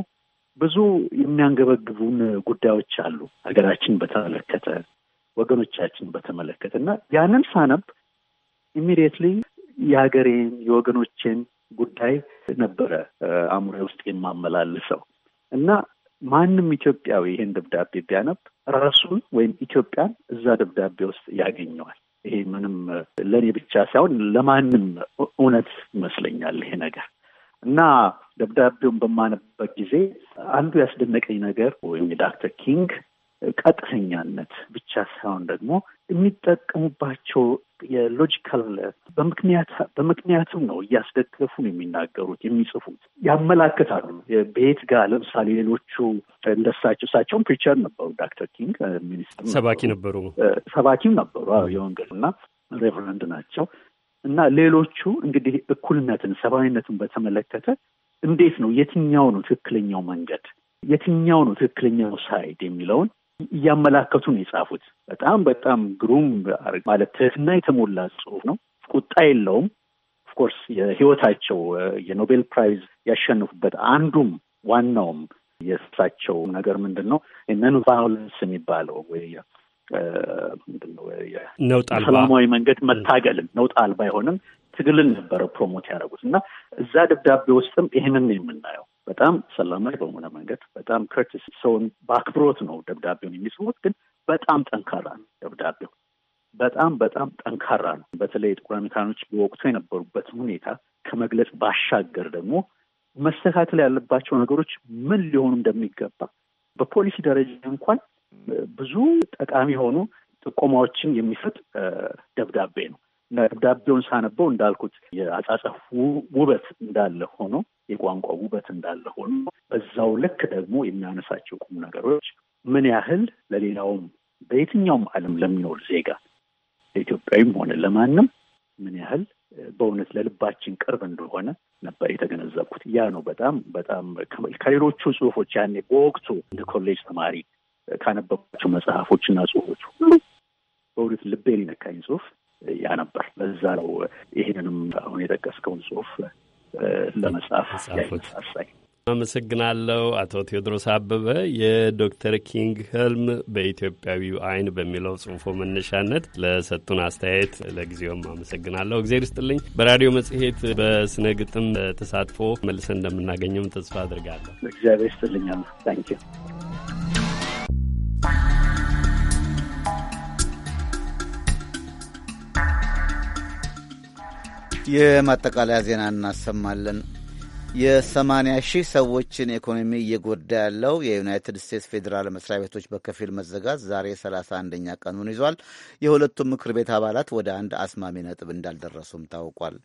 ብዙ የሚያንገበግቡን ጉዳዮች አሉ ሀገራችን በተመለከተ ወገኖቻችን በተመለከተ እና ያንን ሳነብ ኢሚዲየትሊ የሀገሬን የወገኖቼን ጉዳይ ነበረ አእምሮ ውስጥ የማመላልሰው እና ማንም ኢትዮጵያዊ ይህን ደብዳቤ ቢያነብ ራሱን ወይም ኢትዮጵያን እዛ ደብዳቤ ውስጥ ያገኘዋል። ይሄ ምንም ለእኔ ብቻ ሳይሆን ለማንም እውነት ይመስለኛል ይሄ ነገር እና ደብዳቤውን በማነብበት ጊዜ አንዱ ያስደነቀኝ ነገር ወይም የዳክተር ኪንግ ቀጥተኛነት ብቻ ሳይሆን ደግሞ የሚጠቀሙባቸው የሎጂካልነት በምክንያትም ነው እያስደገፉ ነው የሚናገሩት የሚጽፉት ያመላክታሉ። ቤት ጋር ለምሳሌ ሌሎቹ እንደሳቸው እሳቸውም ፕሪቸር ነበሩ። ዶክተር ኪንግ ሚኒስትር ሰባኪ ነበሩ፣ ሰባኪም ነበሩ የወንጌል እና ሬቨረንድ ናቸው። እና ሌሎቹ እንግዲህ እኩልነትን ሰብአዊነትን በተመለከተ እንዴት ነው የትኛው ነው ትክክለኛው መንገድ የትኛው ነው ትክክለኛው ሳይድ የሚለውን እያመላከቱ ነው የጻፉት። በጣም በጣም ግሩም ማለት ትህትና የተሞላ ጽሁፍ ነው። ቁጣ የለውም። ኦፍኮርስ የህይወታቸው የኖቤል ፕራይዝ ያሸንፉበት አንዱም ዋናውም የእሳቸው ነገር ምንድን ነው ነን ቫዮለንስ የሚባለው ወይ ሰላማዊ መንገድ መታገልን ነውጥ አልባ አይሆንም ትግልን ነበረ ፕሮሞት ያደረጉት እና እዛ ደብዳቤ ውስጥም ይህንን የምናየው በጣም ሰላማዊ በሆነ መንገድ በጣም ከርትስ ሰውን በአክብሮት ነው ደብዳቤውን የሚጽፉት። ግን በጣም ጠንካራ ነው ደብዳቤው በጣም በጣም ጠንካራ ነው። በተለይ ጥቁር አሜሪካኖች በወቅቱ የነበሩበትን ሁኔታ ከመግለጽ ባሻገር ደግሞ መስተካከል ያለባቸው ነገሮች ምን ሊሆኑ እንደሚገባ በፖሊሲ ደረጃ እንኳን ብዙ ጠቃሚ የሆኑ ጥቆማዎችን የሚሰጥ ደብዳቤ ነው። ደብዳቤውን ሳነበው እንዳልኩት የአጻጸፉ ውበት እንዳለ ሆኖ የቋንቋ ውበት እንዳለ ሆኖ በዛው ልክ ደግሞ የሚያነሳቸው ቁም ነገሮች ምን ያህል ለሌላውም በየትኛውም ዓለም ለሚኖር ዜጋ ለኢትዮጵያዊም ሆነ ለማንም ምን ያህል በእውነት ለልባችን ቅርብ እንደሆነ ነበር የተገነዘብኩት። ያ ነው በጣም በጣም ከሌሎቹ ጽሁፎች ያኔ በወቅቱ እንደ ኮሌጅ ተማሪ ካነበብኳቸው መጽሐፎችና ጽሁፎች ሁሉ በእውነት ልቤን የነካኝ ጽሁፍ ያ ነበር። በዛ ነው ይህንንም አሁን የጠቀስከውን ጽሁፍ ለመጻፍ ያነሳሳኝ። አመሰግናለሁ አቶ ቴዎድሮስ አበበ። የዶክተር ኪንግ ህልም በኢትዮጵያዊው አይን በሚለው ጽሁፎ መነሻነት ለሰጡን አስተያየት ለጊዜውም አመሰግናለሁ። እግዜር ይስጥልኝ። በራዲዮ መጽሔት በስነ ግጥም ተሳትፎ መልሰን እንደምናገኘውም ተስፋ አድርጋለሁ። እግዚአብሔር ይስጥልኛል። ታንኪ የማጠቃለያ ዜና እናሰማለን። የሰማንያ ሺህ ሰዎችን ኢኮኖሚ እየጎዳ ያለው የዩናይትድ ስቴትስ ፌዴራል መስሪያ ቤቶች በከፊል መዘጋት ዛሬ 31ኛ ቀኑን ይዟል። የሁለቱም ምክር ቤት አባላት ወደ አንድ አስማሚ ነጥብ እንዳልደረሱም ታውቋል።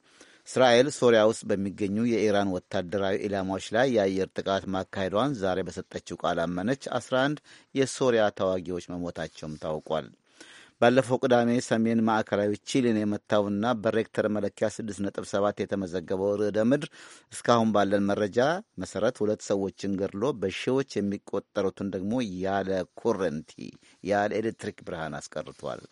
እስራኤል ሶሪያ ውስጥ በሚገኙ የኢራን ወታደራዊ ኢላማዎች ላይ የአየር ጥቃት ማካሄዷን ዛሬ በሰጠችው ቃል አመነች። 11 የሶሪያ ተዋጊዎች መሞታቸውም ታውቋል። ባለፈው ቅዳሜ ሰሜን ማዕከላዊ ቺሊን የመታውና በሬክተር መለኪያ 6.7 የተመዘገበው ርዕደ ምድር እስካሁን ባለን መረጃ መሰረት ሁለት ሰዎችን ገድሎ በሺዎች የሚቆጠሩትን ደግሞ ያለ ኮረንቲ ያለ ኤሌክትሪክ ብርሃን አስቀርቷል።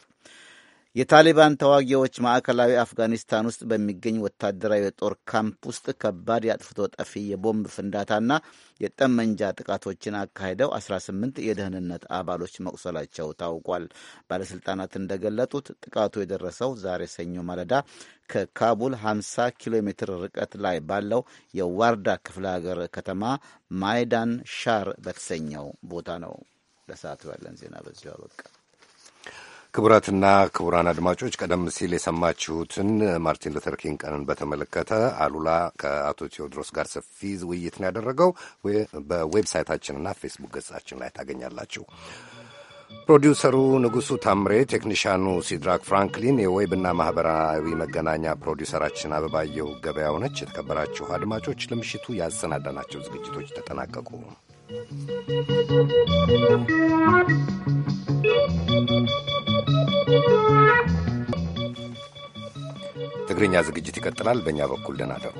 የታሊባን ተዋጊዎች ማዕከላዊ አፍጋኒስታን ውስጥ በሚገኝ ወታደራዊ የጦር ካምፕ ውስጥ ከባድ የአጥፍቶ ጠፊ የቦምብ ፍንዳታና የጠመንጃ ጥቃቶችን አካሂደው 18 የደህንነት አባሎች መቁሰላቸው ታውቋል። ባለሥልጣናት እንደገለጡት ጥቃቱ የደረሰው ዛሬ ሰኞ ማለዳ ከካቡል 50 ኪሎ ሜትር ርቀት ላይ ባለው የዋርዳ ክፍለ ሀገር ከተማ ማይዳን ሻር በተሰኘው ቦታ ነው። ለሰዓቱ ያለን ዜና በዚሁ አበቃ። ክቡራትና ክቡራን አድማጮች ቀደም ሲል የሰማችሁትን ማርቲን ሉተር ኪንግ ቀንን በተመለከተ አሉላ ከአቶ ቴዎድሮስ ጋር ሰፊ ውይይት ነው ያደረገው። በዌብሳይታችንና ፌስቡክ ገጻችን ላይ ታገኛላችሁ። ፕሮዲውሰሩ ንጉሡ ታምሬ፣ ቴክኒሻኑ ሲድራክ ፍራንክሊን፣ የዌብና ማኅበራዊ መገናኛ ፕሮዲውሰራችን አበባየሁ ገበያው ነች። የተከበራችሁ አድማጮች ለምሽቱ ያሰናዳናቸው ዝግጅቶች ተጠናቀቁ። ትግርኛ ዝግጅት ይቀጥላል። በእኛ በኩል ደህና ደሩ።